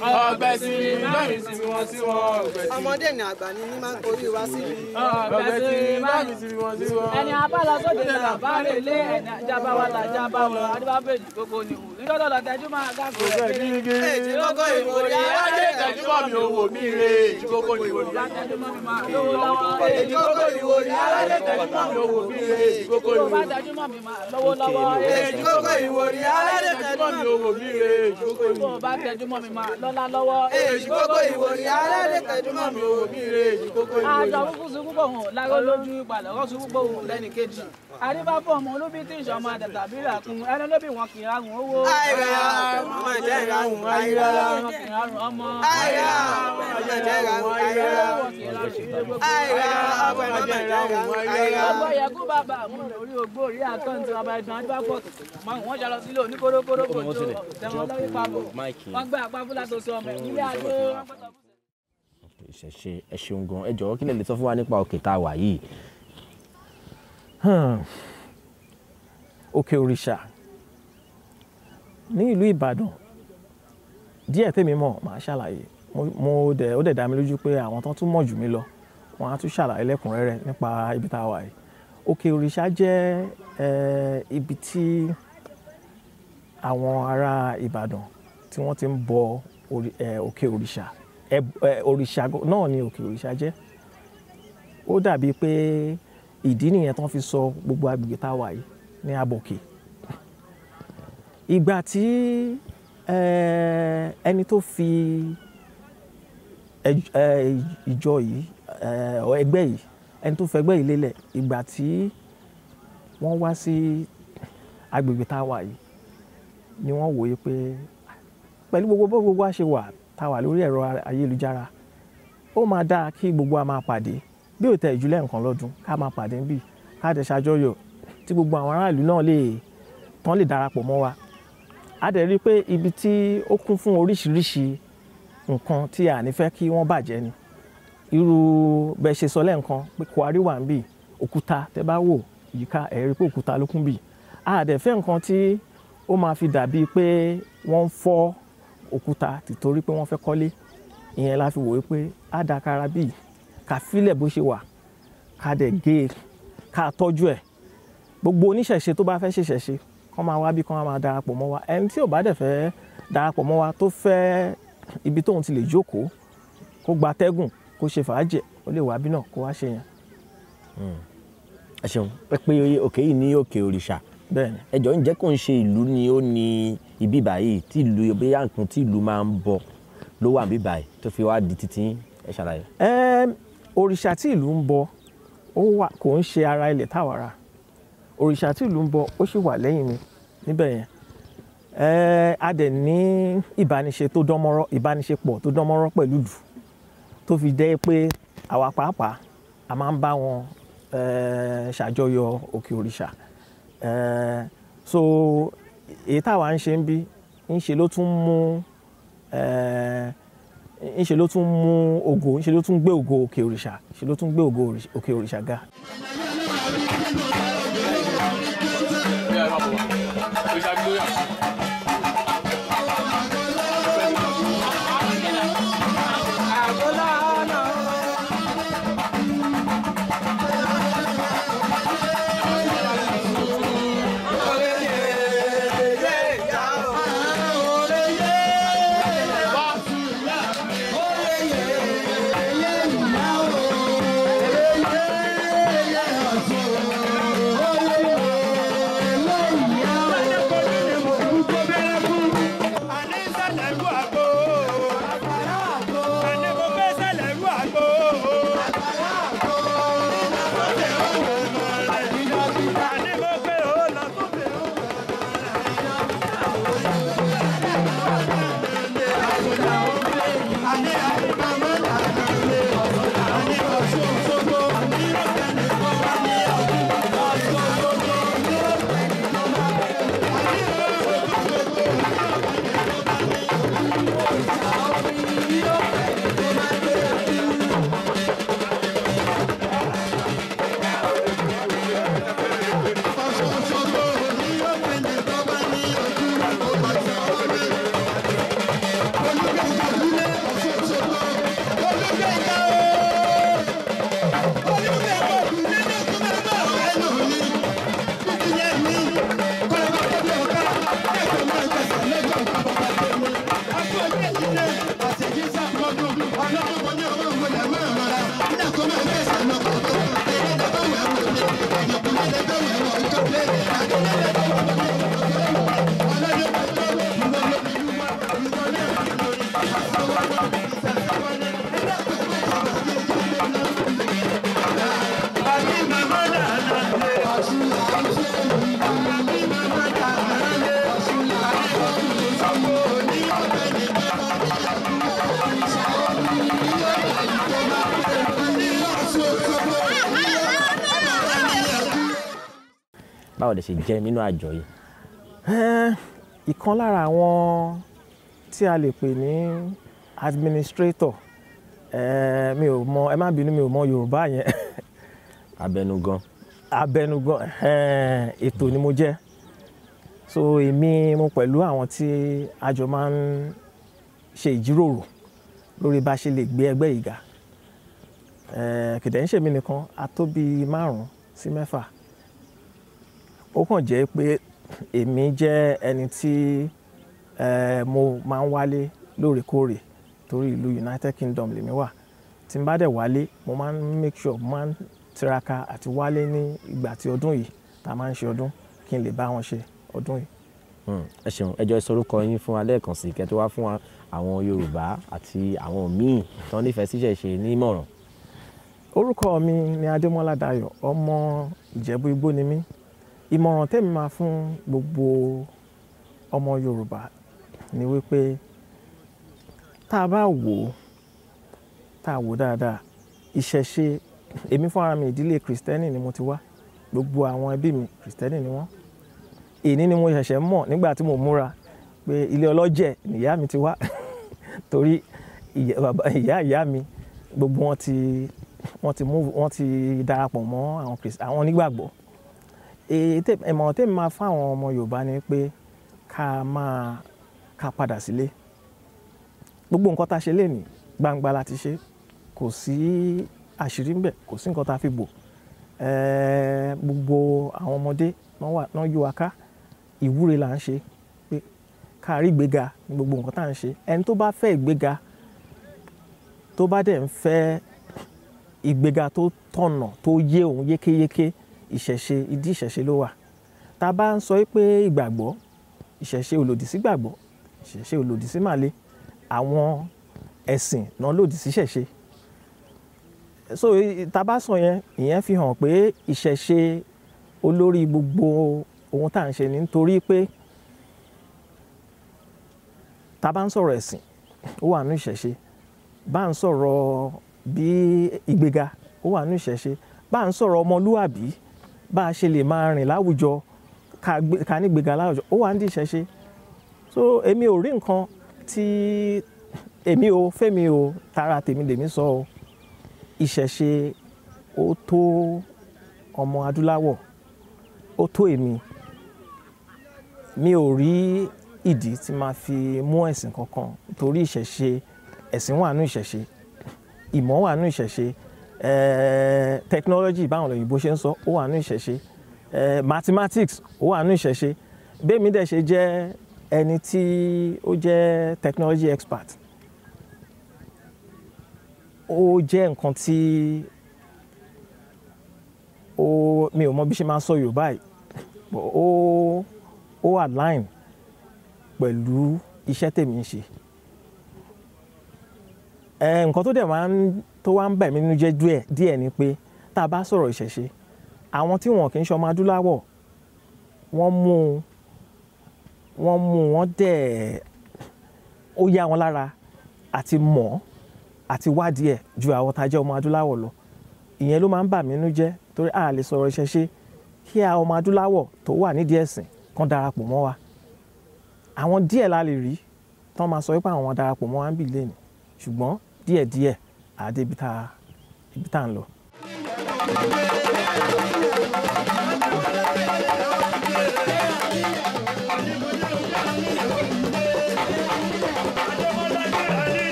ọgbẹ́ sí i máàmì sí wọn sí wọn ọgbẹ́ sí ọmọdé ní àgbà ni ní máa ń korí wá sí i. ọgbẹ́ sí i máàmì sí wọn sí wọn. ẹni abala sóde là bá rè lé ẹni ajaba wa là ajaba wa adébábẹ́jì gbogbo ni wù nígbàdàn lọ tẹjú máa gá kó kéré. èjì lóko ìwòye ayé tẹjú mọ́ mi òwò mi rè èjì kókó ìwòye. èjì kókó ìwòye ayé tẹjú mọ́ mi òwò mi rè èjì kókó ìwòye. ayé tẹjú mọ́ mi òwò lọ́lá lọ́wọ́. èyí gbogbo ìwòyí alẹ́ tẹ̀dúmọ̀ mi ò ní ire èyí gbogbo ìwòyí. àjọ púpù sí púpọ̀ hàn lójú ìpàlẹ̀ ọ̀rọ̀ sí púpọ̀ hàn lẹ́nì kejì. àríwá fún ọmọ olóbi tí ìṣọmọ àdàtà bí ràkun ẹni lóbi wọn kì í rárun owó. àìrà ọmọ ìjẹ́ ìrarun àìrà ọmọ kì í rárun ọmọ. àìrà ọmọ ìjẹ́ ìrarun àìrà ọmọ kì í rárun àìrà ọmọ ìjẹ́ ìrarun àìrà. ọgbọ yẹ kú bàbá àwọn orí ogbó orí àkọ́ǹtì ọba ìdùn adúbàpọ̀ wọ́n ṣàlọ́ sílé oníkórókóró kò tó tẹ̀wọ́n lọ́wọ́ papọ̀ wọ́n gbé àpá fúlàtò ẹ ṣeun gan ẹ jọ̀wọ́ kí lè lè sọ fún wa nípa òkè tá a wà yìí hmm. òkè òrìṣà ní ìlú Ìbàdàn díẹ̀ tèmi mọ̀ màá ṣàlàyé mo dẹ̀ ó dẹ̀ dá mi lójú pé àwọn tó tún mọ̀ jù mí lọ wọn á tún ṣàlàyé lẹ́kùnrẹ́rẹ́ nípa ibi tá a wà yìí òkè òrìṣà jẹ́ ibi tí àwọn ará Ìbàdàn tí wọ́n ti ń bọ òkè òrìṣà òrìṣà náà ni òkè òrìṣà jẹ́ ó dàbí pé ìdí nìyẹn tán fi sọ gbogbo agbègbè tá a wà yìí ní abòkè ìgbà tí ẹni tó fi ìjọ yìí ẹgbẹ́ yìí ẹni tó fẹgbẹ́ yìí lélẹ̀ ìgbà tí wọ́n wá sí agbègbè tá a wà yìí ni wọ́n wòye pé pẹ̀lú gbogbo bó gbogbo àṣẹ wà tá a wà lórí ẹ̀rọ ayélujára ó máa dáa kí gbogbo a máa pàdé bí ò tẹ ìjúlẹ̀ nǹkan lọ́dún ká máa pàdé níbí ká tẹ̀ ṣàjọyọ̀ tí gbogbo àwọn aráàlú náà lè tán lè darapọ̀ mọ́ wa a dẹ̀ rí i pé ibi tí ó kún fún oríṣiríṣi nǹkan tí a ní fẹ́ kí wọ́n bàjẹ́ ni irú bẹ́ẹ̀ ṣe sọ lẹ́ǹkan pé kwari wà ń òkúta tẹ́ bá wò yíká ẹ̀ rí i pé òkúta ló kún bì a dẹ̀ fẹ́ nǹkan tí ó máa fi dàbí pé wọ́n ń fọ́ òkúta tìtorí pé wọ́n fẹ́ kọ́lé ìyẹn la fi wòye pé á da kára bíi ká filẹ̀ bó ṣe wà ká dẹ̀ gé e ká tọ́jú ẹ̀ gbogbo oníṣẹ̀ṣe tó bá fẹ́ ṣèṣẹ̀ṣe kán máa wá bí kán máa darapọ̀ mọ́ wa ẹni tí ò bá dẹ̀ fẹ́ darapọ̀ mọ́ wa tó fẹ́ ibi tóun ti lè jókòó kó gba atẹ́gùn kó ṣe fàájì ó lè wá bí náà kó wá ṣe yẹn. Hmm. ẹ ṣeun pé òkè yìí ní òkè òrìṣà bẹ́ẹ̀ni ń jẹ kó ń ṣe ìlú ni ó ní ibi báyìí tí ìlú bóyá nǹkan tí ìlú máa ń bọ ló wà níbí báyìí tó fi wá di títí ẹ ṣàlàyé. òrìṣà tí ìlú ń bọ ó wà kò ń ṣe ara ilẹ̀ táwàrà òrìṣà tí ìlú ń bọ ó sì wà lẹ́yìn mi níbẹ̀ yẹn a dẹ̀ ní ìbániṣe tó dánmọ́rọ́ ìbániṣepọ̀ tó dánmọ́rọ́ pẹ̀lú ìlú tó fi jẹ́ pé àwa pàápàá a máa ń bá wọn ṣàjọyọ̀ òkè òrìṣà so èyí táwa ń ṣe ń bí ń ṣe ló tún mú eh, ń ṣe ló tún mú ògo ń ló tún gbé ògo òkè òrìṣà ṣe ló tún gbé ògo òkè òrìṣà ga. báwo lè ṣe jẹ́ nínú àjọ yìí. ìkan lára àwọn tí a lè pè ní administrator mi ò mọ ẹ má bínú mi ò mọ Yorùbá yẹn. abẹnugan. abẹnugan ètò ni mo jẹ́ so èmi mo pẹ̀lú àwọn tí a jọ máa ń ṣe ìjíròrò lórí bá a ṣe lè gbé ẹgbẹ́ ìga kìdẹ̀ ń ṣèmi nìkan a tó bíi márùn-ún sí mẹ́fà ó kàn jẹ́ pé èmi jẹ́ ẹni tí mo máa ń wálé lóòrèkóòrè torí ìlú United Kingdom lèmi wà tí n bá dẹ̀ wálé mo máa ń make sure mo máa ń tiraka àti wálé ní ìgbà tí ọdún yìí tá a máa ń ṣe ọdún kí n lè bá wọn ṣe ọdún yìí. Hmm, ẹ ṣeun ẹjọ ìsorúkọ yín fún wa lẹ́ẹ̀kan sí kẹ́ wá fún àwọn Yorùbá àti àwọn míì tán nífẹ̀ẹ́ síṣẹ̀ṣe ní ìmọ̀ràn. orúkọ mi ni Adémọ́lá dayo, ọmọ Ìjẹ̀bú Igbó ni mí ìmọ̀ràn tẹ́mi máa fún gbogbo ọmọ Yorùbá ni wípé tá a bá wò ó tá a wò dáadáa ìṣẹ̀ṣe èmi fúnra mi ìdílé Kristẹni ni mo ti wá gbogbo àwọn ẹbí mi Kristẹni ni wọ́n èyí ni mo ṣẹ̀ṣẹ̀ mọ̀ nígbà tí mo múra pé ilé ọlọ́jẹ̀ nìyá mi ti wá torí ìyá ìyá mi gbogbo wọn ti wọ́n ti darapọ̀ mọ́ àwọn onígbàgbọ́ ìmọ̀ràn tèmi máa fún àwọn ọmọ Yorùbá ni pé ká máa ká padà sílé gbogbo nǹkan tá a ṣe lénìí gbangba la ti ṣe kò sí àṣírí ń bẹ kò sí nǹkan tá a fi bò gbogbo àwọn ọmọdé náà yọ aká ìwúre là ń ṣe pé ká rí ìgbéga ní gbogbo nǹkan tá à ń ṣe ẹni tó bá fẹ́ ìgbéga tó bá dẹ̀ ń fẹ́ ìgbéga tó tọ̀nà tó yé òun yékéyéké ìṣẹ̀ṣe ìdí ìṣẹ̀ṣe ló wà tá a bá ń sọ pé ìgbàgbọ́ ìṣẹ̀ṣe ò lòdì sí gbàgbọ́ ìṣẹ̀ṣe ò lòdì sí màlẹ́ àwọn ẹ̀sìn náà lòdì sí ìṣẹ̀ṣe so tá a bá sọ yẹn ìyẹn fi hàn pé ìṣẹ̀ṣe olórí gbogbo ohun tá à ń ṣe ni nítorí pé tá a bá ń sọ̀rọ̀ ẹ̀sìn ó wà nínú ìṣẹ̀ṣe bá ń sọ̀rọ̀ bí ìgbéga ó wà nínú ìṣẹ̀ṣe bá ń sọ̀rọ̀ ọmọlúwàbí bá a ṣe lè máa rìn láwùjọ ká nígbèga láwùjọ ó wà ń di ìṣẹ̀ṣe so èmi ò rí nǹkan tí èmi ò fẹ́mi ò tara tèmi lèmi sọ o ìṣẹ̀ṣe ó tó ọmọ adúláwọ̀ ó tó èmi mi ò rí ìdí tí máa fi mú ẹ̀sìn kankan torí ìṣẹ̀ṣe ẹ̀sìn wà nù ìṣẹ̀ṣe ìmọ̀ wà nù ìṣẹ̀ṣe Eh, technology báwọn òyìnbó ṣe ń sọ ó wà ní ìṣẹ̀ṣe eh, mathematics ó wà ní ìṣẹ̀ṣe bẹ́ẹ̀mi dẹ̀ ṣe jẹ́ ẹni tí ó jẹ́ technology expert ó jẹ́ nǹkan tí ó mi ò mọ bí ṣe máa ń sọ Yorùbá yìí ó ó align pẹ̀lú iṣẹ́ tèmi ń ṣe eh, nǹkan tó dẹ̀ máa ń tó wá ń bà mí nínú jẹ́ díẹ̀ ni pé tá a bá sọ̀rọ̀ ìṣẹ̀ṣe àwọn tí wọn kì í ṣe ọmọ adúláwọ̀ wọ́n mú wọ́n mú wọ́n dẹ̀ ó yá wọn lára àti mọ̀ àti wádìí ẹ̀ ju àwọn tá a jẹ́ ọmọ adúláwọ̀ lọ ìyẹn ló máa ń bà mí nínú jẹ́ torí a lè sọ̀rọ̀ ìṣẹ̀ṣe kí a ọmọ adúláwọ̀ tó wà nídìí ẹ̀sìn kan darapọ̀ mọ́ wa àwọn díẹ̀ la lè rí tán máa sọ wípé àwọn darapọ̀ mọ́ wa ń bì lẹ́nu ṣùgbọ́n díẹ̀díẹ̀ àdé ibi tá à ń lọ.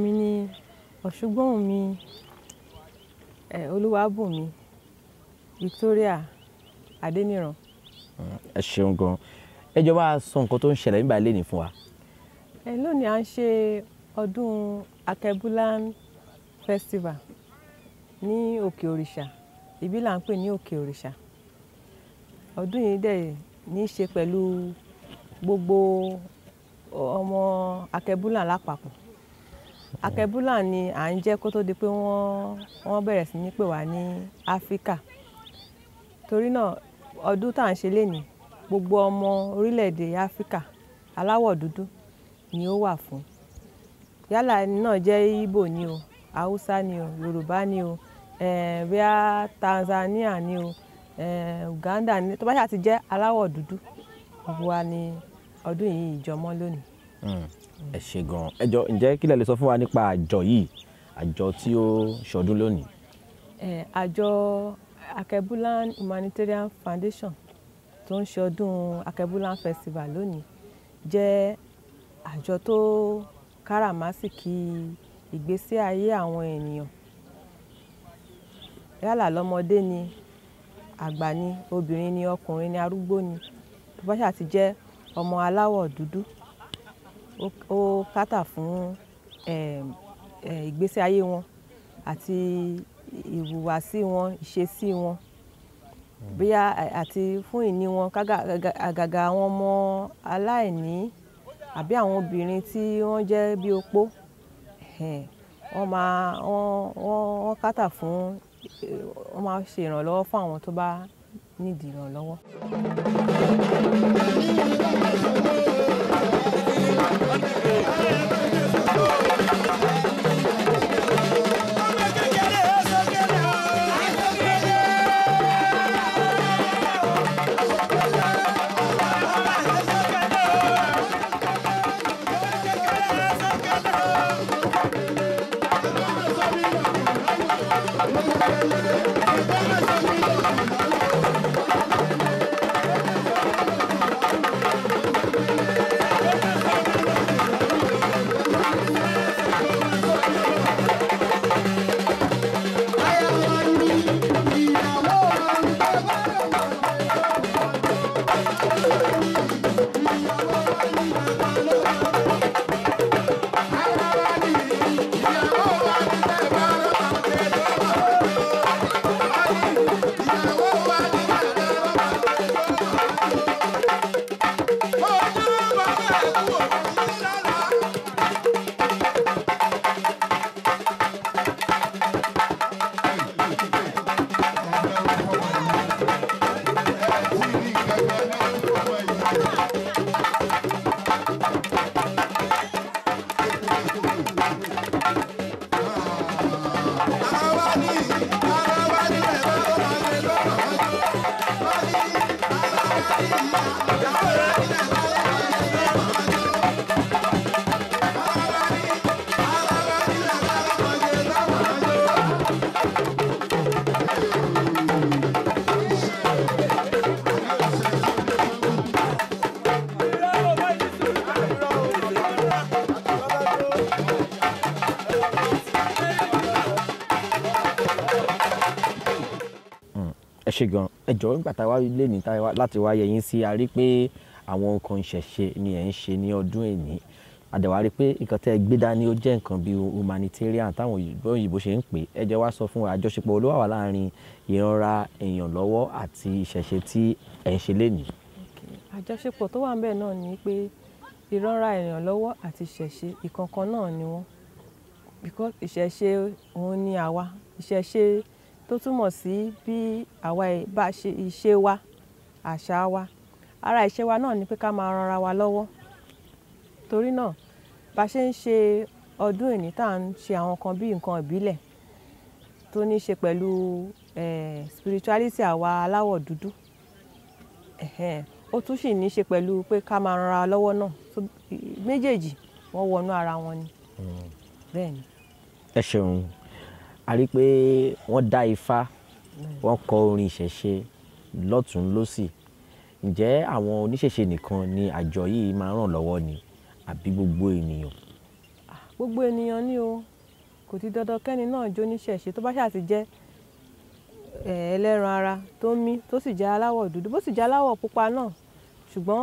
mi ni ọ̀ṣùgbọ́n mi olúwàbùnmi victoria adéníran. ẹ ṣeun gan ẹ jọ bá a sọ nǹkan tó ń ṣẹlẹ̀ nígbà lẹ́nìí fún wa. ẹ lónìí à ń ṣe ọdún akẹbúlán festival ní òkè òrìṣà ibi là ń pè ní òkè òrìṣà ọdún yìí dẹ̀ ní í ṣe pẹ̀lú gbogbo ọmọ akẹbúlán lápapọ̀ akẹ́bùlà ni à ń jẹ́ kó tó di pé wọ́n wọ́n bẹ̀rẹ̀ sí ní pè wá ní áfíríkà torí náà ọdún tá à ń ṣe lénìí gbogbo ọmọ orílẹ̀-èdè áfíríkà aláwọ̀ dúdú ni ó wà fún yálà ẹni náà jẹ́ Ìgbò ni o haúsá ni o yorùbá ni o bíá tanzania ni o uganda ni tó bá ṣáà ti jẹ́ aláwọ̀ dúdú gbogbo wa ọdún yìí ìjọmọ́ lónìí. Hmm ẹ ṣe gan ẹ jọ ǹjẹ́ kí lẹ lè sọ fún wa nípa àjọ yìí àjọ tí ó ṣọdún lónìí. àjọ Akebulan Humanitarian Foundation tó ń ṣọdún Akebulan Festival lónìí jẹ́ àjọ tó káràmásìkì ìgbésí ayé àwọn ènìyàn yálà lọ́mọdé ni àgbà ni obìnrin ni ọkùnrin ni arúgbó ni tó bá ṣáà ọmọ aláwọ̀ dúdú ó kátà fún ìgbésí ayé wọn àti ìhùwàsí wọn ìṣesí wọn hmm. bóyá àti fún ìní wọn àgàgà àwọn ọmọ aláìní àbí àwọn obìnrin tí wọ́n jẹ́ bí opó wọ́n máa wọ́n kátà fún wọ́n máa ṣe ìrànlọ́wọ́ fún àwọn tó bá nídìí ìrànlọ́wọ́. はい ṣe gan ẹjọ́ nígbà tá lè ní láti wá yẹ sí a rí pé àwọn nǹkan ìṣẹ̀ṣe ni ẹ̀ ń ṣe ní ọdún èní àdẹ̀wà rí pé nǹkan tẹ́ gbé dání ó jẹ́ nǹkan bíi humanitarian táwọn òyìnbó ṣe ń pè é ẹ sọ fún wa olówó wà láàrin ìranra èèyàn lọ́wọ́ àti ìṣẹ̀ṣe tí ẹ̀ ń ṣe lénìí. àjọṣepọ̀ tó wà ń bẹ̀ náà ni pé ìranra èèyàn lọ́wọ́ àti ìṣẹ̀ṣe ìkankan náà ni wọ́n ìṣẹ̀ṣe òun ni àwa ìṣẹ̀ṣe tó túmọ̀ sí bí àwa bá ṣe ìṣe wa àṣà wa ara ìṣe wa náà ni pé ká máa ranra wa lọ́wọ́ torí náà bá ṣe ń ṣe ọdún ìní tá à ń ṣe àwọn kan bí nǹkan ìbílẹ̀ tó ní ṣe pẹ̀lú spirituality àwa aláwọ̀ dúdú ó tún sì ní ṣe pẹ̀lú pé ká máa ranra wa lọ́wọ́ náà méjèèjì wọ́n wọnú ara wọn ni hmm. bẹ́ẹ̀ ni. ẹ ṣeun a rí i pé wọ́n dá ifá wọ́n kọ orin ìṣẹ̀ṣe lọ́tún lọ́sì ǹjẹ́ àwọn oníṣẹ̀ṣe nìkan ni àjọ yìí máa ràn lọ́wọ́ ni àbí gbogbo ènìyàn. gbogbo ènìyàn ni o kò ti dandan kẹ́ni náà jó níṣẹ̀ṣe tó bá ṣáà ti jẹ́ ẹlẹ́ran ara tó ń mí tó sì jẹ́ aláwọ̀ dúdú bó sì jẹ́ aláwọ̀ pupa náà ṣùgbọ́n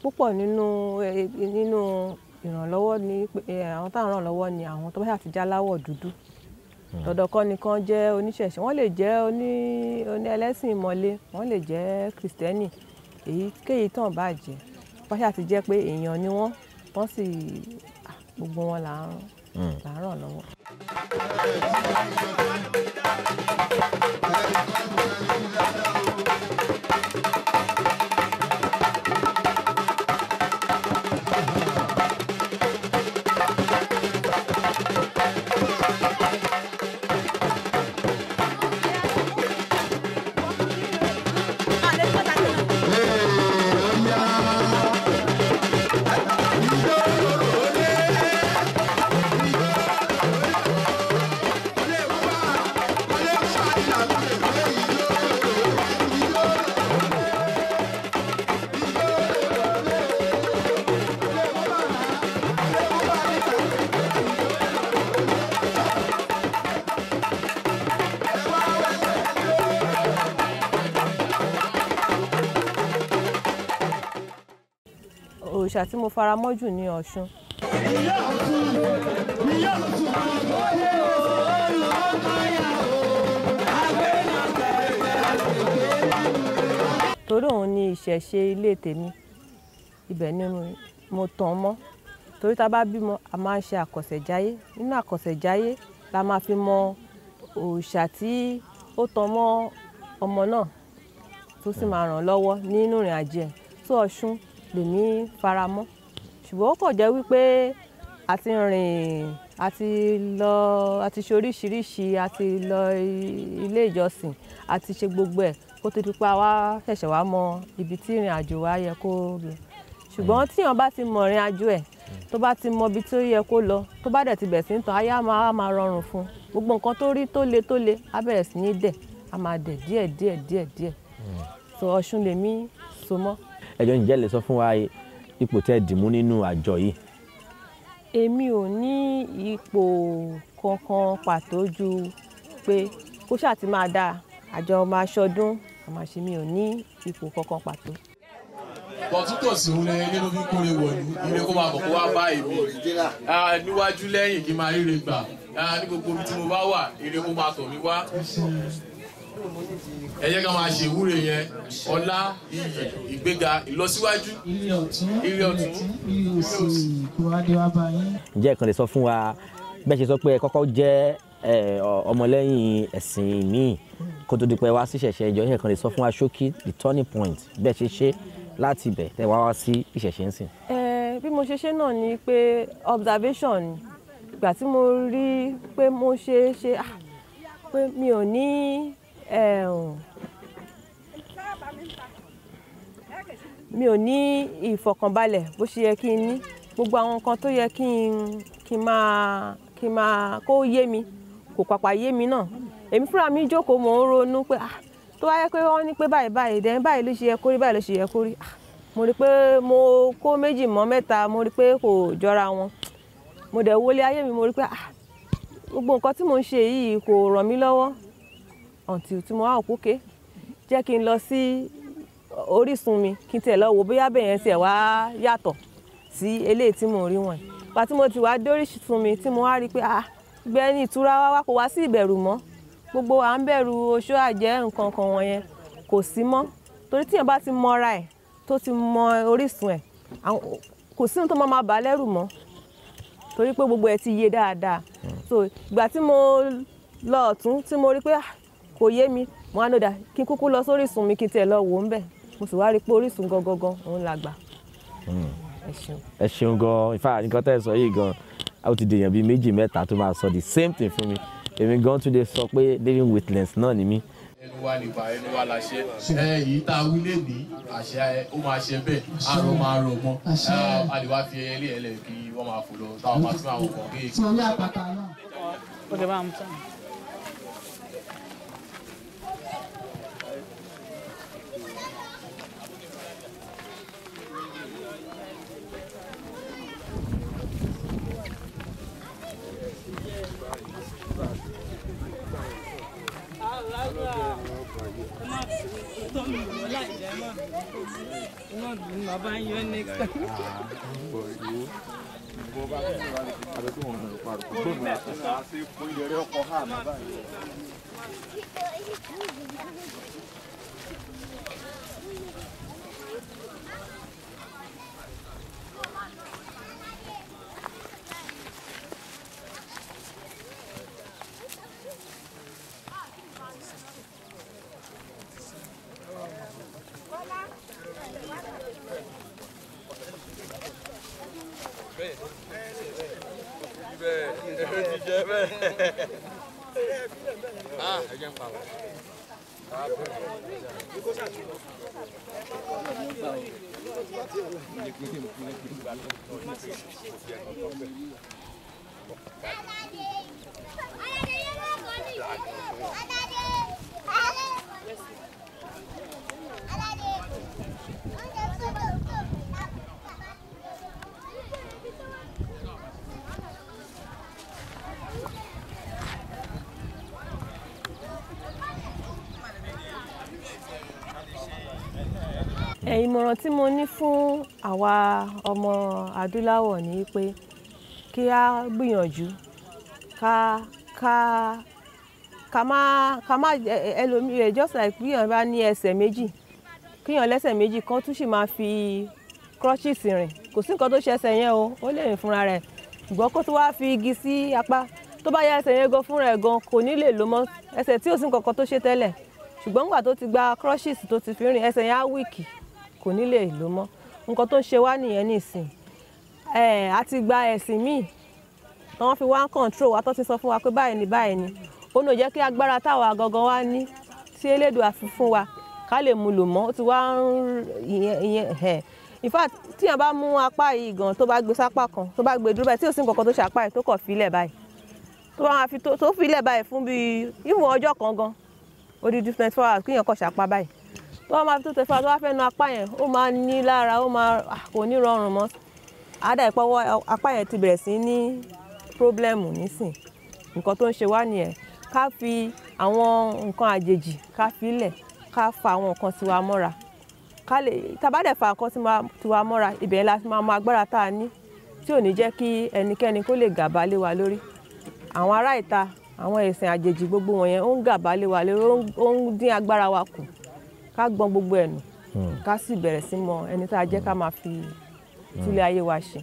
púpọ̀ nínú ìrànlọ́wọ́ ni àwọn táwọn ràn lọ́wọ́ ni àwọn tó bá ṣáà ti jẹ́ aláwọ̀ dúdú dandan kọ́ nìkan jẹ́ oníṣẹ̀ṣẹ̀ wọ́n lè jẹ́ oní oní ẹlẹ́sìn ìmọ̀le wọ́n lè jẹ́ kìrìsìtẹ́nì èyíkéyìí tàn bá jẹ́ pàṣẹ àti jẹ́ pé èèyàn ni wọ́n wọ́n sì gbogbo wọn là ń hmm. là ń ràn lọ́wọ́. Thank you. mo fara mọ́ jù ní Ọ̀ṣun. ìyá ọ̀tún ìyá torí òun ni ìṣẹ̀ṣe ilé tèmi ibẹ̀ ni mo tàn mọ́ torí tá a bá bímọ a máa ń ṣe àkọ̀sẹ̀jáyé nínú àkọ̀sẹ̀jáyé la máa fi mọ òòṣà tí ó tàn mọ́ ọmọ náà tó sì máa ràn lọ́wọ́ nínú ìrìn àjẹ tó Ọ̀ṣun lèmi faramọ́ ṣùgbọ́n ó kàn jẹ́ wípé a ti rìn a ti lọ a ti ṣe oríṣiríṣi a ti lọ ilé ìjọsìn a ti ṣe gbogbo ẹ̀ kó tó di pa wá ṣẹ̀ṣẹ̀ wá mọ ibi tí ìrìn àjò wa yẹ kó lọ ṣùgbọ́n tíyàn bá ti mọ ìrìn àjò ẹ̀ tó bá ti mọ ibi tó yẹ kó lọ tó bá dẹ̀ ti bẹ̀ sí ń tàn ayé á máa máa rọrùn fún un gbogbo nǹkan tó rí tó le tó le á bẹ̀rẹ̀ sí ní dẹ̀ á máa dẹ̀ díẹ̀ díẹ̀ díẹ̀ díẹ̀ hmm. so Ọ̀ṣun lèmi so mọ́. ẹjọ ǹjẹ́ lè sọ fún wa ipò tẹ́ dìmú nínú àjọ yìí. èmi ò ní ipò kankan pàtó ju pé kó ṣáà ti máa dáa àjọ máa ṣọdún àmọ́ ṣe mi ò ní ipò kankan pàtó bọ̀tútòsí ń lé nínú kíkún lè wọ̀ ilé kó máa bọ̀ wá bá èmi níwájú lẹ́yìn kí n máa ríre gbà ní gbogbo ibi tí mo bá wà ire kó máa tọ̀ mí wá ẹ jẹ́ ká máa ṣe ìwúre yẹn ọlá iyì ìgbéga ìlọsíwájú ilé ọ̀tún ilé òsì kò wá dé ǹjẹ́ ìkànnì sọ fún wa bẹ́ẹ̀ ṣe sọ pé ẹ kọ́kọ́ jẹ́ ọmọlẹ́yìn ẹ̀sìn míì kó tó di pé wá sí ìṣẹ̀ṣẹ̀ ìjọ ìṣẹ̀kan lè sọ fún wa ṣókí the turning point bẹ́ẹ̀ ṣe ṣe láti ibẹ̀ tẹ́ wá wá sí ìṣẹ̀ṣẹ̀ ń sìn. bí mo ṣe ṣe náà ni pé observation ìgbà tí mo rí pé mo ṣe ṣe ah, pé mi ò ní mi ò ní ìfọ̀kànbalẹ̀ bó ṣe yẹ kí n ní gbogbo àwọn nǹkan tó yẹ kí n kí n máa kí n máa kó yé mi kò pàpà yé mi náà èmi fúnra mi jókòó mò ń ronú pé ah tó wáyé pé wọ́n ní pé báyìí báyìí dẹ́n báyìí ló ṣe yẹ kó rí báyìí ló ṣe yẹ kó rí ah mo rí pé mo kó méjì mọ́ mẹ́ta mo rí pé kò jọra wọn mo dẹ̀ wọlé ayé mi mo rí pé ah gbogbo nǹkan tí mo ń ṣe yìí kò ràn mí lọ́wọ́ until tí mo wá òpó ké jẹ́ kí n lọ sí orísun mi kí n tiẹ̀ lọ wò bóyá bẹ́ẹ̀ yẹn tiẹ̀ wá yàtọ̀ sí eléyìí tí mò ń rí wọ̀nyí pa tí mo ti wá dé orísun mi tí mo wá rí i pé ah ibẹ̀ ni ìtura wá wá kò wá sí ìbẹ̀rù mọ́ gbogbo à ń bẹ̀rù oṣó àjẹ́ nǹkan kan wọ̀nyẹn kò sí mọ́ torí tíyẹn bá ti mọra ẹ̀ tó ti mọ orísun ẹ̀ kò sí ní tó máa bà lẹ́rù mọ́ torí pé gbogbo ẹ̀ ti yé dáadáa so ìgbà tí mo lọ ọ̀tún tí mo rí pé ah, kò yé mi mo á nọdà kí n kúkú lọ sórísun mi kí n tiẹ̀ lọ wò ó ń bẹ̀ mo sì wá rí i pé orísun gangan gan òun la gbà. Hmm. ẹ ṣeun gan ifá nǹkan tẹ́ ẹ sọ yìí gan ó ti dèèyàn bíi méjì mẹ́ta tó máa sọ the same thing fún mi èmi gan tún lè sọ pé living witness náà ni mí ẹnu wa nìbà ẹnu wa làṣẹ ẹ yìí tá a wí ní àṣẹ ẹ ó máa ṣe bẹ́ẹ̀ àrò máa rò mọ a fi ẹyẹlé kí wọn máa fò lọ táwọn máa tún àwọn kọ Not my buying you next time. Thank you. ọmọ adúláwọ̀ ni pé kí a gbìyànjú ká ká ká má ká má ẹlòmíì ẹ just like kíyàn bá ní ẹsẹ̀ méjì kíyàn lẹ́sẹ̀ méjì kan tún sì máa fi crutches rìn kò sí nǹkan tó ṣe ẹsẹ̀ yẹn o ó lè rìn fúnra rẹ̀ ṣùgbọ́n kó tó wá fi igi sí apá tó bá yá ẹsẹ̀ yẹn gan fúnra ẹ̀ gan kò ní lè lò mọ́ ẹsẹ̀ tí ò sí nǹkan kan tó ṣe tẹ́lẹ̀ ṣùgbọ́n nígbà tó ti gba crutches tó ti fi rìn ẹsẹ̀ yẹn á wíìkì kò ní lè lò mọ́ nǹkan tó ń ṣe wá nìyẹn nìsín a ti gba ẹ̀sìn míì tí wọ́n fi wá ń control wa tó ti sọ fún wa pé báyìí ni báyìí ni ó ní ò jẹ́ kí agbára táwa gangan wá ní tí Elédùà fi fún wa ká lè mu lò mọ́ ó ti wá ń ìyẹn ẹ̀ in fact tíyàn bá mú apá yìí gan tó bá gbé sápá kan tó bá gbé dúró báyìí tí ò sí nǹkan kan tó ṣe apá yìí tó kọ̀ fílẹ̀ báyìí tó bá máa fi tó fílẹ̀ báyìí fún bíi ìwọ̀n ọjọ́ kan gan ó di different four hours kíyàn kọ̀ ṣàpá báyìí tó bá máa tó tẹ̀ fún wa tó bá fẹ́ nu apá yẹn ó máa ní lára ó máa ah, kò ní rọrùn mọ́ àádá ìpọ́wọ́ apá yẹn ti bẹ̀rẹ̀ sí ní pírọ́blẹ́mù nísìn nǹkan tó ń ṣe wá nìyẹn ká fi àwọn nǹkan àjèjì ká filẹ̀ ká fa àwọn nǹkan tiwa mọ́ra ká lè tabadẹ̀ fa nǹkan tiwa mọ́ra ibẹ̀ la máa mọ agbára tá a ní tí ò ní jẹ́ kí ẹnikẹ́ni kó lè gàba lé wa lórí àwọn ará ìta àwọn ẹ̀sìn àjèjì gbogbo wọ̀nyẹn ó ń gàba lé wa lórí ó ń dín agbára wa kù ká gbọ́n gbogbo ẹ̀nu hmm. ká sì bẹ̀rẹ̀ sí mọ ẹni tá a jẹ́ hmm. ká máa fi hmm. túlé ayé wa ṣe.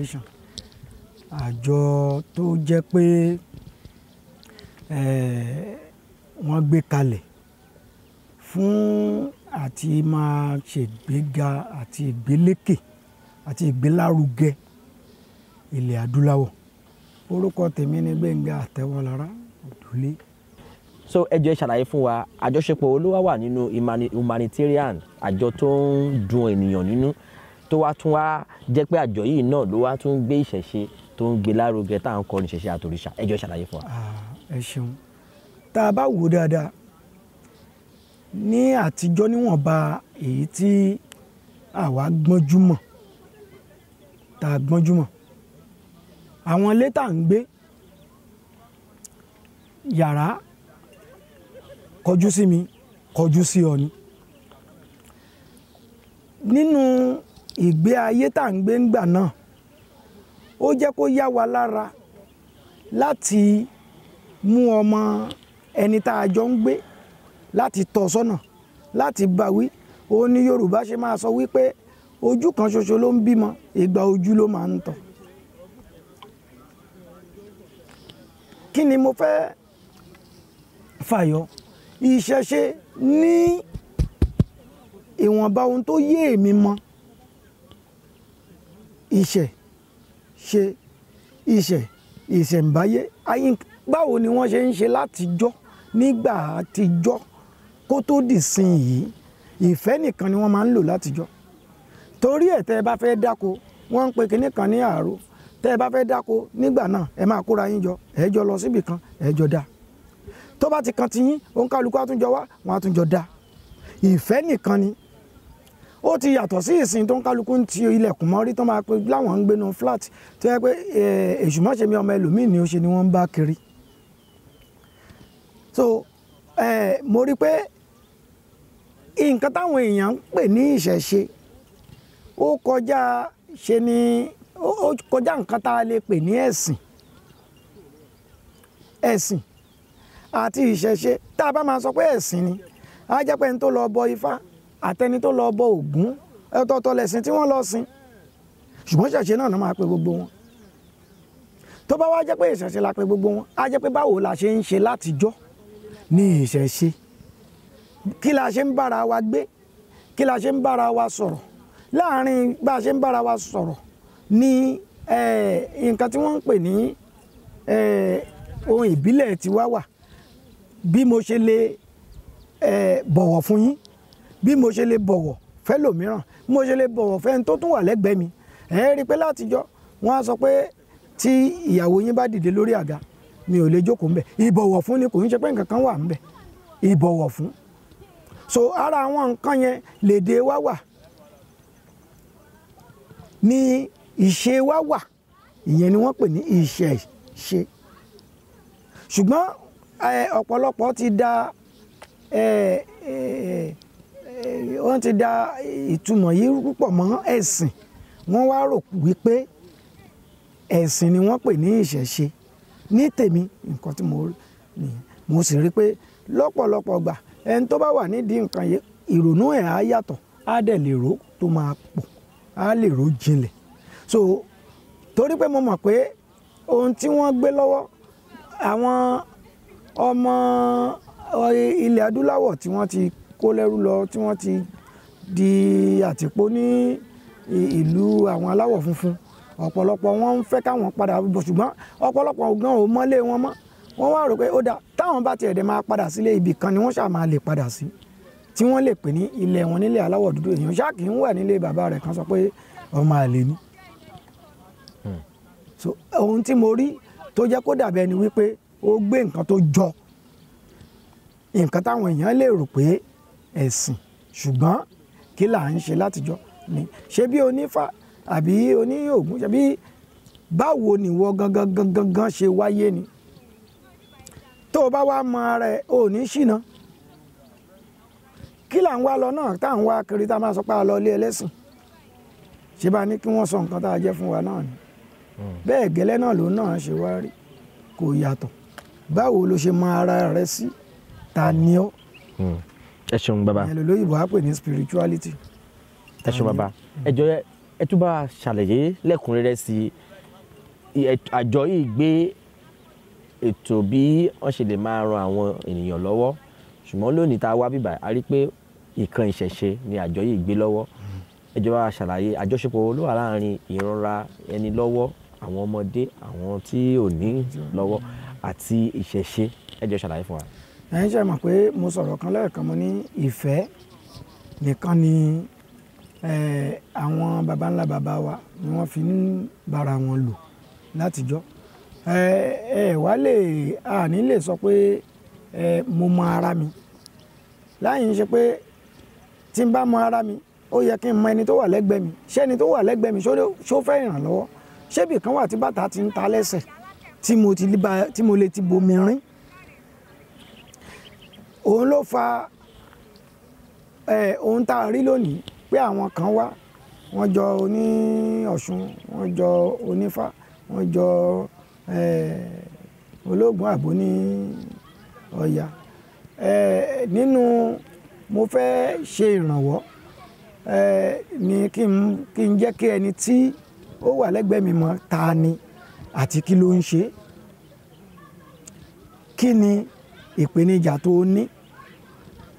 Foundation àjọ tó jẹ́ pé eh, wọ́n gbé kalẹ̀ fún àti máa ṣègbéga àti ìgbélékè àti ìgbélárugẹ ilẹ̀ adúláwọ̀ orúkọ tèmi ni Gbẹ́ngà Àtẹ́wọlára Òdùlé. so ẹ jẹ́ ṣàlàyé fún wa àjọṣepọ̀ olówó wà nínú humanitarian àjọ tó ń dùn ènìyàn nínú tó wá tún wá jẹ́ pé àjọ yìí náà ló wá tún gbé ìṣẹ̀ṣe tó ń gbé lárugẹ tá à ń kọrin ìṣẹ̀ṣe àtòrìṣà ẹ jọ̀ọ́ ṣàlàyé fún wa. ẹ ṣeun tá a bá wò dáadáa ní àtijọ́ níwọ̀nba èyí tí àwa gbọ́njú mọ̀ tá a gbọ́njú mọ̀ àwọn ilé ń gbé yàrá kọjú sí mi kọjú sí ọ ni nínú ìgbé ayé tá à ń gbé ńgbà náà ó jẹ́ kó yá wa lára láti mú ọmọ ẹni tá a jọ ń gbé láti tọ́ sọ́nà láti bá wí òun ni Yorùbá ṣe máa sọ wípé ojú kan ṣoṣo ló ń bímọ ìgbà ojú ló máa ń tọ̀. kí ni mo fẹ́ fàyọ ìṣẹ̀ṣe ní ìwọ̀nba ohun tó yé èmi mọ́ ìṣẹ̀ ṣe ìṣẹ̀ ìṣẹ̀ǹbáyé báwo ni wọ́n ṣe ń ṣe látijọ́ nígbà àtijọ́ kó tó dìsìn yìí ìfẹ́ nìkan ni wọ́n máa ń lò látijọ́ torí ẹ̀ tẹ́ ẹ bá fẹ́ dáko wọ́n ń pe kinní kan ní ààrò tẹ́ ẹ bá fẹ́ dáko nígbà náà ẹ máa kóra yín jọ ẹ jọ lọ síbì kan ẹ jọ dá tó bá ti kan ti yín òǹkàlùkù àtúnjọ wá wọn àtúnjọ dá ìfẹ́ nìkan ni ó ti yàtọ̀ sí ìsìn tó ń kálukú ń ti ilẹ̀kùn mọ́rí tó máa pe láwọn ń gbénu flat tó yẹ pé èṣù mọ́ṣe mi ọmọ ẹlòmíì ni ó ṣe ni wọ́n ń bá kiri so mo rí pé nǹkan táwọn èèyàn ń pè ní ìṣẹ̀ṣe ó kọjá ṣe ni ó kọjá nǹkan tá a lè pè ní ẹ̀sìn ẹ̀sìn àti ìṣẹ̀ṣe tá a bá máa sọ pé ẹ̀sìn ni á jẹ́ pé n tó lọ bọ ifá àtẹni tó lọ bọ Ògún ọ̀tọ̀ọ̀tọ̀ lẹ̀sìn tí wọ́n lọ sìn ṣùgbọ́n ṣẹ̀ṣẹ̀ náà máa pe gbogbo wọn tó bá wá jẹ́ pé ìṣẹ̀ṣe la pe gbogbo wọn á jẹ́ pé báwo la ṣe ń ṣe látijọ́ ní ìṣẹ̀ṣe kí la ṣe ń bára wa gbé kí la ṣe ń bára wa sọ̀rọ̀ láàárín bá a ṣe ń bára wa sọ̀rọ̀ ní nǹkan tí wọ́n ń pè ní ohun ìbílẹ̀ tiwa wà bí mo ṣe lè bọ̀wọ̀ fún yín bí mo ṣe lè bọ̀wọ̀ fẹ́lòmíràn bí mo ṣe lè bọ̀wọ̀ fẹ́ni tó tún wà lẹ́gbẹ̀ẹ́ mi ẹ̀ ẹ́ rí i pé látijọ́ wọ́n á sọ pé tí ìyàwó yín bá dìde lórí àga mi ò lè jókòó ńbẹ̀ ìbọ̀wọ̀ fún ni kò ń ṣe pé nǹkan kan wà ńbẹ̀ ìbọ̀wọ̀ fún so ara àwọn nǹkan yẹn lèdè wa wà ní ìṣe wa wà ìyẹn ni wọ́n pè ní ìṣẹ̀ṣe ṣùgbọ́n ọ̀pọ̀lọpọ̀ ti da wọ́n ti da ìtumọ̀ yìí púpọ̀ mọ́ ẹ̀sìn wọ́n wá rò wípé ẹ̀sìn ni wọ́n pè ní ìṣẹ̀ṣe ní tèmi nǹkan tí mo rí nìyẹn mo sì rí pé lọ́pọ̀lọpọ̀ gbà ẹni tó bá wà nídìí nǹkan yìí ìrònú ẹ̀ á yàtọ̀ á dẹ̀ lè rò tó máa pọ̀ á lè rò jinlẹ̀ so torí pé mo mọ̀ pé ohun tí wọ́n gbé lọ́wọ́ àwọn ọmọ ilẹ̀ adúláwọ̀ tí wọ́n ti kó lẹ́rú lọ tí wọ́n ti di àtìpó ní ìlú àwọn aláwọ̀ funfun ọ̀pọ̀lọpọ̀ wọn ń fẹ́ káwọn padà bọ̀ ṣùgbọ́n ọ̀pọ̀lọpọ̀ gan ò mọ́lé wọn mọ́ wọ́n wá rò pé ó dáa táwọn bá tiẹ̀ dẹ̀ máa padà sílé ibì kan ni wọ́n ṣáà máa lè padà sí tí wọ́n lè pè ní ilẹ̀ wọn nílẹ̀ aláwọ̀ dúdú èèyàn ṣáà kì í wà nílé bàbá rẹ̀ kan sọ pé ọmọ àlè ni. Hmm. so ohun tí mo rí tó jẹ́ kó dàbẹ̀ ni wípé ó gbé nǹkan tó jọ nǹkan táwọn èèyàn lè rò pé ẹ̀sìn ṣùgbọ́n kí là ń ṣe látijọ́ ni ṣé bí onífà àbí oníyòògùn ṣe báwo nìwọ gangan gangan gan ṣe wáyé ni tó o bá wá mọ ara ẹ ò ní ṣìnà kí là ń wá lọ náà tá à ń wá kiri tá a máa sọ pé a lọ ilé ẹlẹ́sìn ṣé bá ní kí wọ́n sọ nǹkan tá a jẹ́ fún wa náà ni hmm. bẹ́ẹ̀ gẹ́lẹ́ náà ló náà ṣe wá rí kò yàtọ̀ báwo ló ṣe mọ ara rẹ sí ta ni ọ́ hmm ẹ ṣeun bàbá ìyẹn lolóyìnbó á pè ní spirituality. ẹ ṣeun bàbá ẹ jọ ẹ tún bá ṣàlàyé lẹ́kùnrẹ́rẹ́ sí àjọ yìí gbé ètò bí wọ́n ṣe lè máa ran àwọn ènìyàn lọ́wọ́ ṣùgbọ́n lónìí tá a wá bíbà a rí i pé ìkan ìṣẹ̀ṣe ni àjọ yìí gbé lọ́wọ́ ìjọba ṣàlàyé àjọṣepọ̀ ló wà láàrin ìranra ẹni lọ́wọ́ àwọn ọmọdé àwọn tí ò ní lọ́wọ́ àti ìṣẹ̀ṣe ẹ jọ̀ọ́ ṣàlàyé fún wa ẹ̀yin ṣe mọ̀ pé mo sọ̀rọ̀ kan lẹ́ẹ̀kan mo ní ìfẹ́ nìkan ni àwọn baba ńlá baba wa ni wọ́n fi ń bára wọn lò látijọ́ ẹ ẹ wá lè àní lè sọ pé ẹ mo mọ ara mi láyìí ń ṣe pé tí n bá mọ ara mi ó yẹ kí n mọ ẹni tó wà lẹ́gbẹ̀ẹ́ mi ṣé ẹni tó wà lẹ́gbẹ̀ẹ́ mi ṣó fẹ́ ìrànlọ́wọ́ ṣébì wà tí bàtà ti ń ta lẹ́sẹ̀ tí mo lè ti bomi rin òun ló fa ohun tá a rí lónìí pé àwọn kan wá wọ́n jọ oní ọ̀ṣun wọ́n jọ onífá wọ́n jọ ológun àbò ní ọ̀yà nínú mo fẹ́ ṣe ìrànwọ́ ni kí n jẹ́ kí ẹni tí ó wà lẹ́gbẹ̀ẹ́ mi mọ̀ ta ni àti kí ló ń ṣe kí ni ìpèníjà tó ní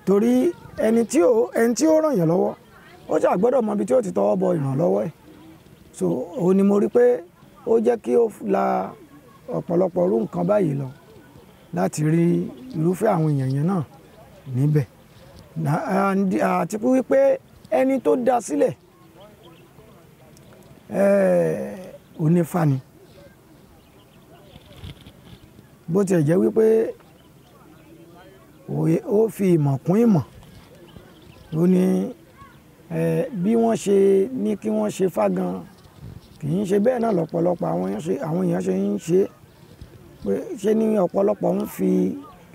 torí ẹni tí ó ẹni tí ó ràn yàn lọ́wọ́ ó ṣáà gbọ́dọ̀ mọ ibi tí ó ti tọwọ́ bọ ìrànlọ́wọ́ ẹ̀ so òun ni mo rí pé ó jẹ́ kí ó la ọ̀pọ̀lọpọ̀ irú nǹkan báyìí lọ láti rí irúfẹ́ àwọn èèyàn yẹn náà níbẹ̀ àti wípé ẹni tó dá sílẹ̀ onífani bó tiẹ̀ jẹ́ wípé ó fi ìmọ̀ kún ìmọ̀ ló ní bí wọ́n ṣe ní kí wọ́n ṣe fágan kì í ṣe bẹ́ẹ̀ náà lọ́pọ̀lọpọ̀ àwọn èèyàn ṣe ń ṣe pé ṣe ní ọ̀pọ̀lọpọ̀ ń fi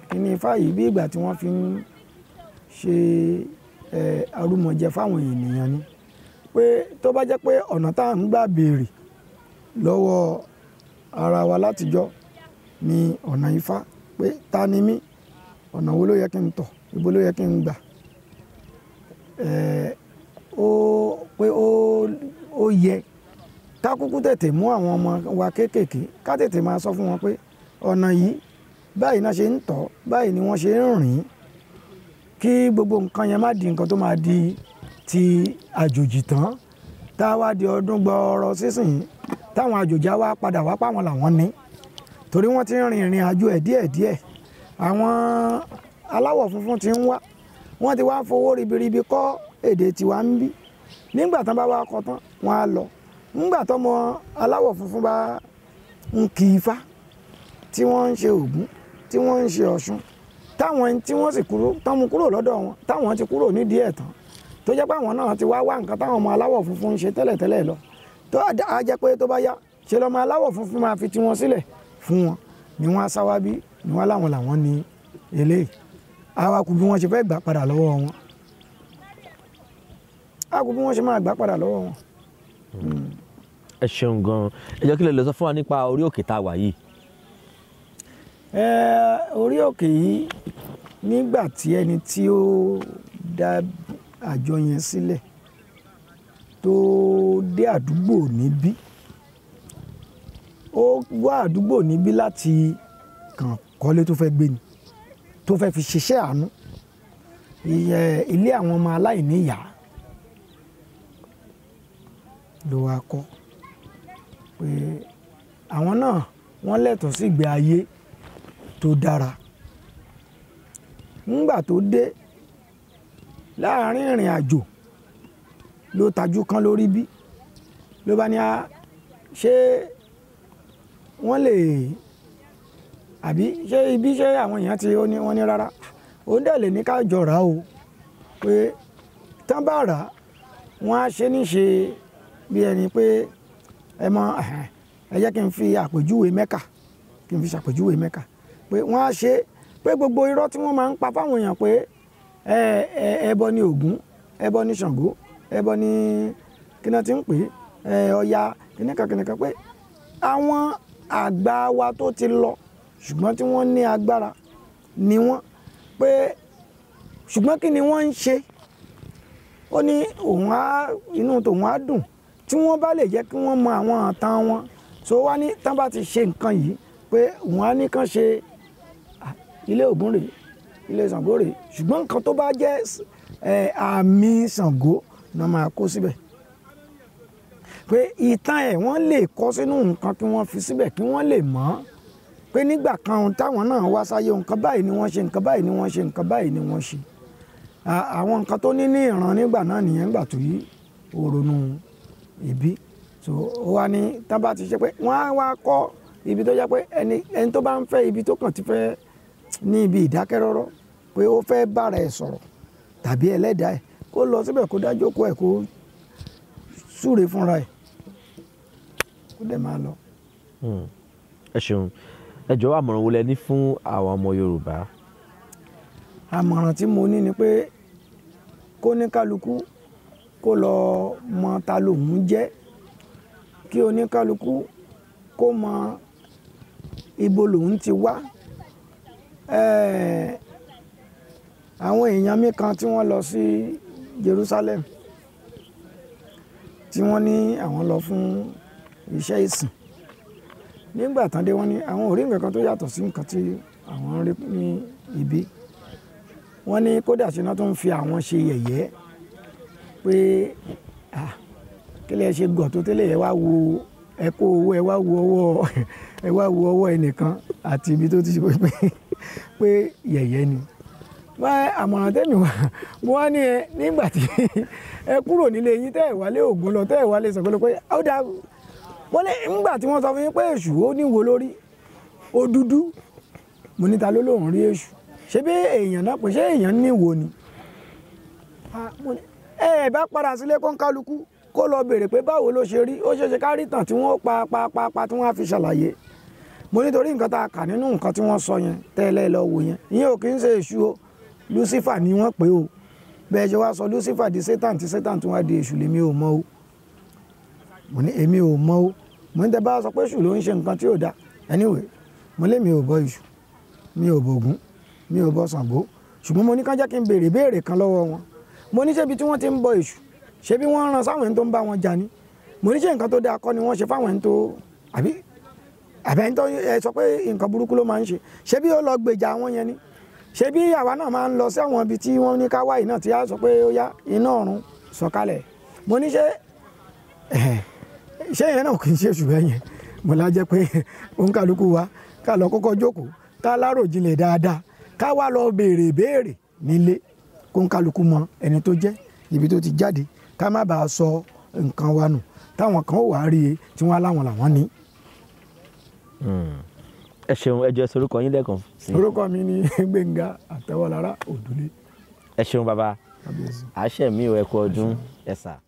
kíní ifá yìí bí ìgbà tí wọ́n fi ń ṣe arúmọ̀jẹ fáwọn ènìyàn ni pé tó bá jẹ́ pé ọ̀nà tá à ń gbà béèrè lọ́wọ́ ara wa látijọ́ ni ọ̀nà ifá pé ta ni mí ọ̀nà wo ló yẹ kí n tọ̀ ibo ló yẹ kí n gbà ó pé ó yẹ ká kúkú tètè mú àwọn ọmọ wa kéékèèké ká tètè máa sọ fún wọn pé ọ̀nà yìí báyìí náà ṣe ń tọ̀ báyìí ni wọ́n ṣe ń rìn kí gbogbo nǹkan yẹn má di nǹkan tó máa di ti àjòjì tán tá a wá di ọdún gbọọrọ sísìn táwọn àjòjì á wá padà wá pàwọn làwọn ní torí wọ́n ti ń rin ìrìn àjò ẹ̀ díẹ̀díẹ̀ àwọn aláwọ̀ funfun ti ń wá wọ́n ti wá fowó ribiribi kọ́ èdè tiwa ń bí nígbà tán bá wá kọ tán wọ́n á lọ nígbà tọmọ aláwọ̀ funfun bá ń kì í fá tí wọ́n ń ṣe Ògún tí wọ́n ń ṣe Ọ̀ṣun táwọn tí wọ́n sì kúrò tọ́mu kúrò lọ́dọ̀ wọn táwọn ti kúrò nídìí ẹ̀ tán tó jẹ́ pé àwọn náà ti wá wá nǹkan táwọn ọmọ aláwọ̀ funfun ń ṣe tẹ́lẹ̀tẹ́lẹ̀ lọ tó a jẹ́ pé tó bá yá ṣe lọ́mọ aláwọ̀ funfun máa fi tiwọn sílẹ̀ fún wọn ni wọ́n á sáwá bí ni wọ́n láwọn làwọn ni eléyìí àwa kù bí ṣe fẹ́ gbà padà lọ́wọ́ wọn a kù bí wọ́n ṣe máa gbà padà lọ́wọ́ wọn. Hmm. ẹ ṣeun gan-an ẹ jẹ́ kí lè lọ sọ fún wa nípa orí òkè tá a wà yìí. ẹ orí òkè yìí nígbà tí ẹni tí ó dá àjọ yẹn sílẹ̀ tó dé àdúgbò níbí ó wá àdúgbò níbí láti kọ́lé tó fẹ́ gbé ni tó fẹ́ fi ṣiṣẹ́ àánú ilé àwọn ọmọ aláìní ìyá ló wá kọ́ pé àwọn náà wọ́n lẹ́tọ̀ọ́ sí ìgbé ayé tó dára ńgbà tó dé láàrin ìrìn àjò ló tajú kán lórí bí ló bá ní a ṣé wọ́n lè àbí ṣé ibi ṣé àwọn èèyàn ti ní wọ́n ní rárá òun dẹ̀ lè ní ká jọ rà o pé tán bá rà wọ́n á ṣe níṣe bí ẹni pé ẹ mọ ẹ jẹ́ kí n fi àpèjúwe mẹ́kà kí n fi ṣàpèjúwe mẹ́kà pé wọ́n á ṣe pé gbogbo irọ́ tí wọ́n máa ń pa fáwọn èèyàn pé ẹbọ ni Ògún ẹbọ ni Ṣàngó ẹbọ ni kí ti ń pè é Ọya kìnìkan kìnìkan pé àwọn àgbà wa tó ti lọ ṣùgbọ́n tí wọ́n ní agbára ni wọ́n pé ṣùgbọ́n kí ni wọ́n ń ṣe ó ní òun á inú tòun á dùn tí wọ́n bá lè jẹ́ kí wọ́n mọ àwọn àtàn wọn so wá ní tán bá ti ṣe nǹkan yìí pé òun á ní kàn ṣe ilé Ògún rèé ilé Ṣàngó rèé ṣùgbọ́n nǹkan tó bá jẹ́ àmì Ṣàngó náà máa kó síbẹ̀ pé ìtàn ẹ̀ wọ́n lè kọ́ sínú nǹkan kí wọ́n fi síbẹ̀ kí wọ́n lè mọ̀ ọ́ pé nígbà kan ohun táwọn náà wá sáyé nǹkan báyìí ni wọ́n ṣe nǹkan báyìí ni wọ́n ṣe nǹkan báyìí ni wọ́n ṣe àwọn nǹkan tó ní ní ìran nígbà náà nìyẹn gbà tó yí òrònú ìbí so wá ní tá bá ti ṣe pé wọ́n á wá kọ́ ibi tó jẹ́ pé ẹni ẹni tó bá ń fẹ́ ibi tó kàn ti fẹ́ ní ibi ìdákẹ́rọ́rọ́ pé ó fẹ́ bára ẹ̀ sọ̀rọ̀ tàbí ẹlẹ́dàá ẹ̀ kó lọ síbẹ̀ kó dájókòó ẹ̀ kó súre fúnra ẹ̀ kó dẹ̀ máa lọ. Hmm. ẹ ṣeun ẹ jọ̀wọ́ àmọ̀ràn wo lẹ ní fún àwọn ọmọ Yorùbá. àmọ̀ràn tí mo ní ni pé kó ní kálukú kó lọ mọ ta lòun jẹ́ kí oníkálukú kó mọ ibo lòun ti wá àwọn èèyàn mi kan tí wọ́n lọ sí Jerusalem tí wọ́n ní àwọn lọ fún iṣẹ́ ìsìn nígbà tán dé wọ́n ní àwọn ò rí nǹkan tó yàtọ̀ sí nǹkan tí àwọn rí ní ibi wọ́n ní kódà ṣe náà tó ń fi àwọn ṣe yẹ̀yẹ́ pé kílẹ̀ ṣe gọ̀ tó tẹ́lẹ̀ ẹ wá wo ẹ kó owó ẹ wá wo ọwọ́ ẹ wá wo ọwọ́ ẹnìkan àti ibi tó ti ṣe pé pé yẹ̀yẹ́ ni báyìí àmọ̀ràn tẹ́mi wá wọ́n ní ẹ nígbà tí ẹ kúrò nílé yín tẹ́ ẹ̀ wálé ògbó tẹ́ ẹ̀ wálé sọ̀gbọ́n pé ó dáa wọ́n lé ńgbà tí wọ́n sọ fún yín pé èṣù ó níwo lórí ó dúdú mo níta ló lóun rí èṣù ṣé bí èèyàn náà pé ṣé èèyàn níwo ni ẹ ẹ bá padà sílé kó ń kálukú kó lọ béèrè pé báwo ló ṣe rí ó ṣe ṣe kárí tàn tí wọ́n pa pa pa pa tí wọ́n á fi ṣàlàyé mo nítorí nǹkan tá a kà nínú nǹkan tí wọ́n sọ yẹn tẹ́lẹ̀ lọ wò yẹn ìyẹn ò kì í ṣe èṣù o Lucifer ni wọ́n pè o bẹ́ẹ̀ ṣe wá sọ Lucifer di Satan tí Satan tí wọ́n á di èṣù lèmi ò mọ̀ o mo ní èmi ò mọ o mo ní tẹ bá sọ pé èṣù ló ń ṣe nǹkan tí ò da anyway mo lé mi ò bọ èṣù mi ò bògún mi ò bọ Ṣàngó ṣùgbọ́n mo ní kán jẹ́ kí n béèrè béèrè kan lọ́wọ́ wọn mo ní ṣébi tí wọ́n ti ń bọ èṣù ṣébi wọ́n ran sáwọn ẹni tó ń bá wọn jà ni mo ní ṣe nǹkan tó dáa kọ́ ni wọ́n ṣe fáwọn ẹni tó àbí àbí ẹni tó ẹ sọ pé nǹkan burúkú ló máa ń ṣe ṣébi ó lọ gbèjà àwọn yẹn ni ṣébi àwa náà máa ń lọ sí àwọn ibi tí wọ́n ní ká wáyé náà tí a sọ pé ó yá iná ọ̀run sọ̀kalẹ̀ mo ní ṣe iṣẹ́ yẹn náà kì í ṣe ṣùgbọ́n yẹn mo la jẹ́ pé òǹkàlùkù wa ká lọ kọ́kọ́ jókòó ká lárò jinlẹ̀ dáadáa ká wá lọ béèrè béèrè nílé kóńkàlùkù mọ ẹni tó jẹ́ ibi tó ti jáde ká má bàa sọ nǹkan wa nù táwọn kan ò wá rí e tí wọ́n láwọn làwọn ní. ẹ ṣeun ẹ jọ ẹ sorúkọ yín lẹ́ẹ̀kan. orúkọ mi ni Gbénga Àtẹwọlára Òdùlé. ẹ ṣeun bàbá àṣẹ mi ò ẹ kú ọdún ẹ sà.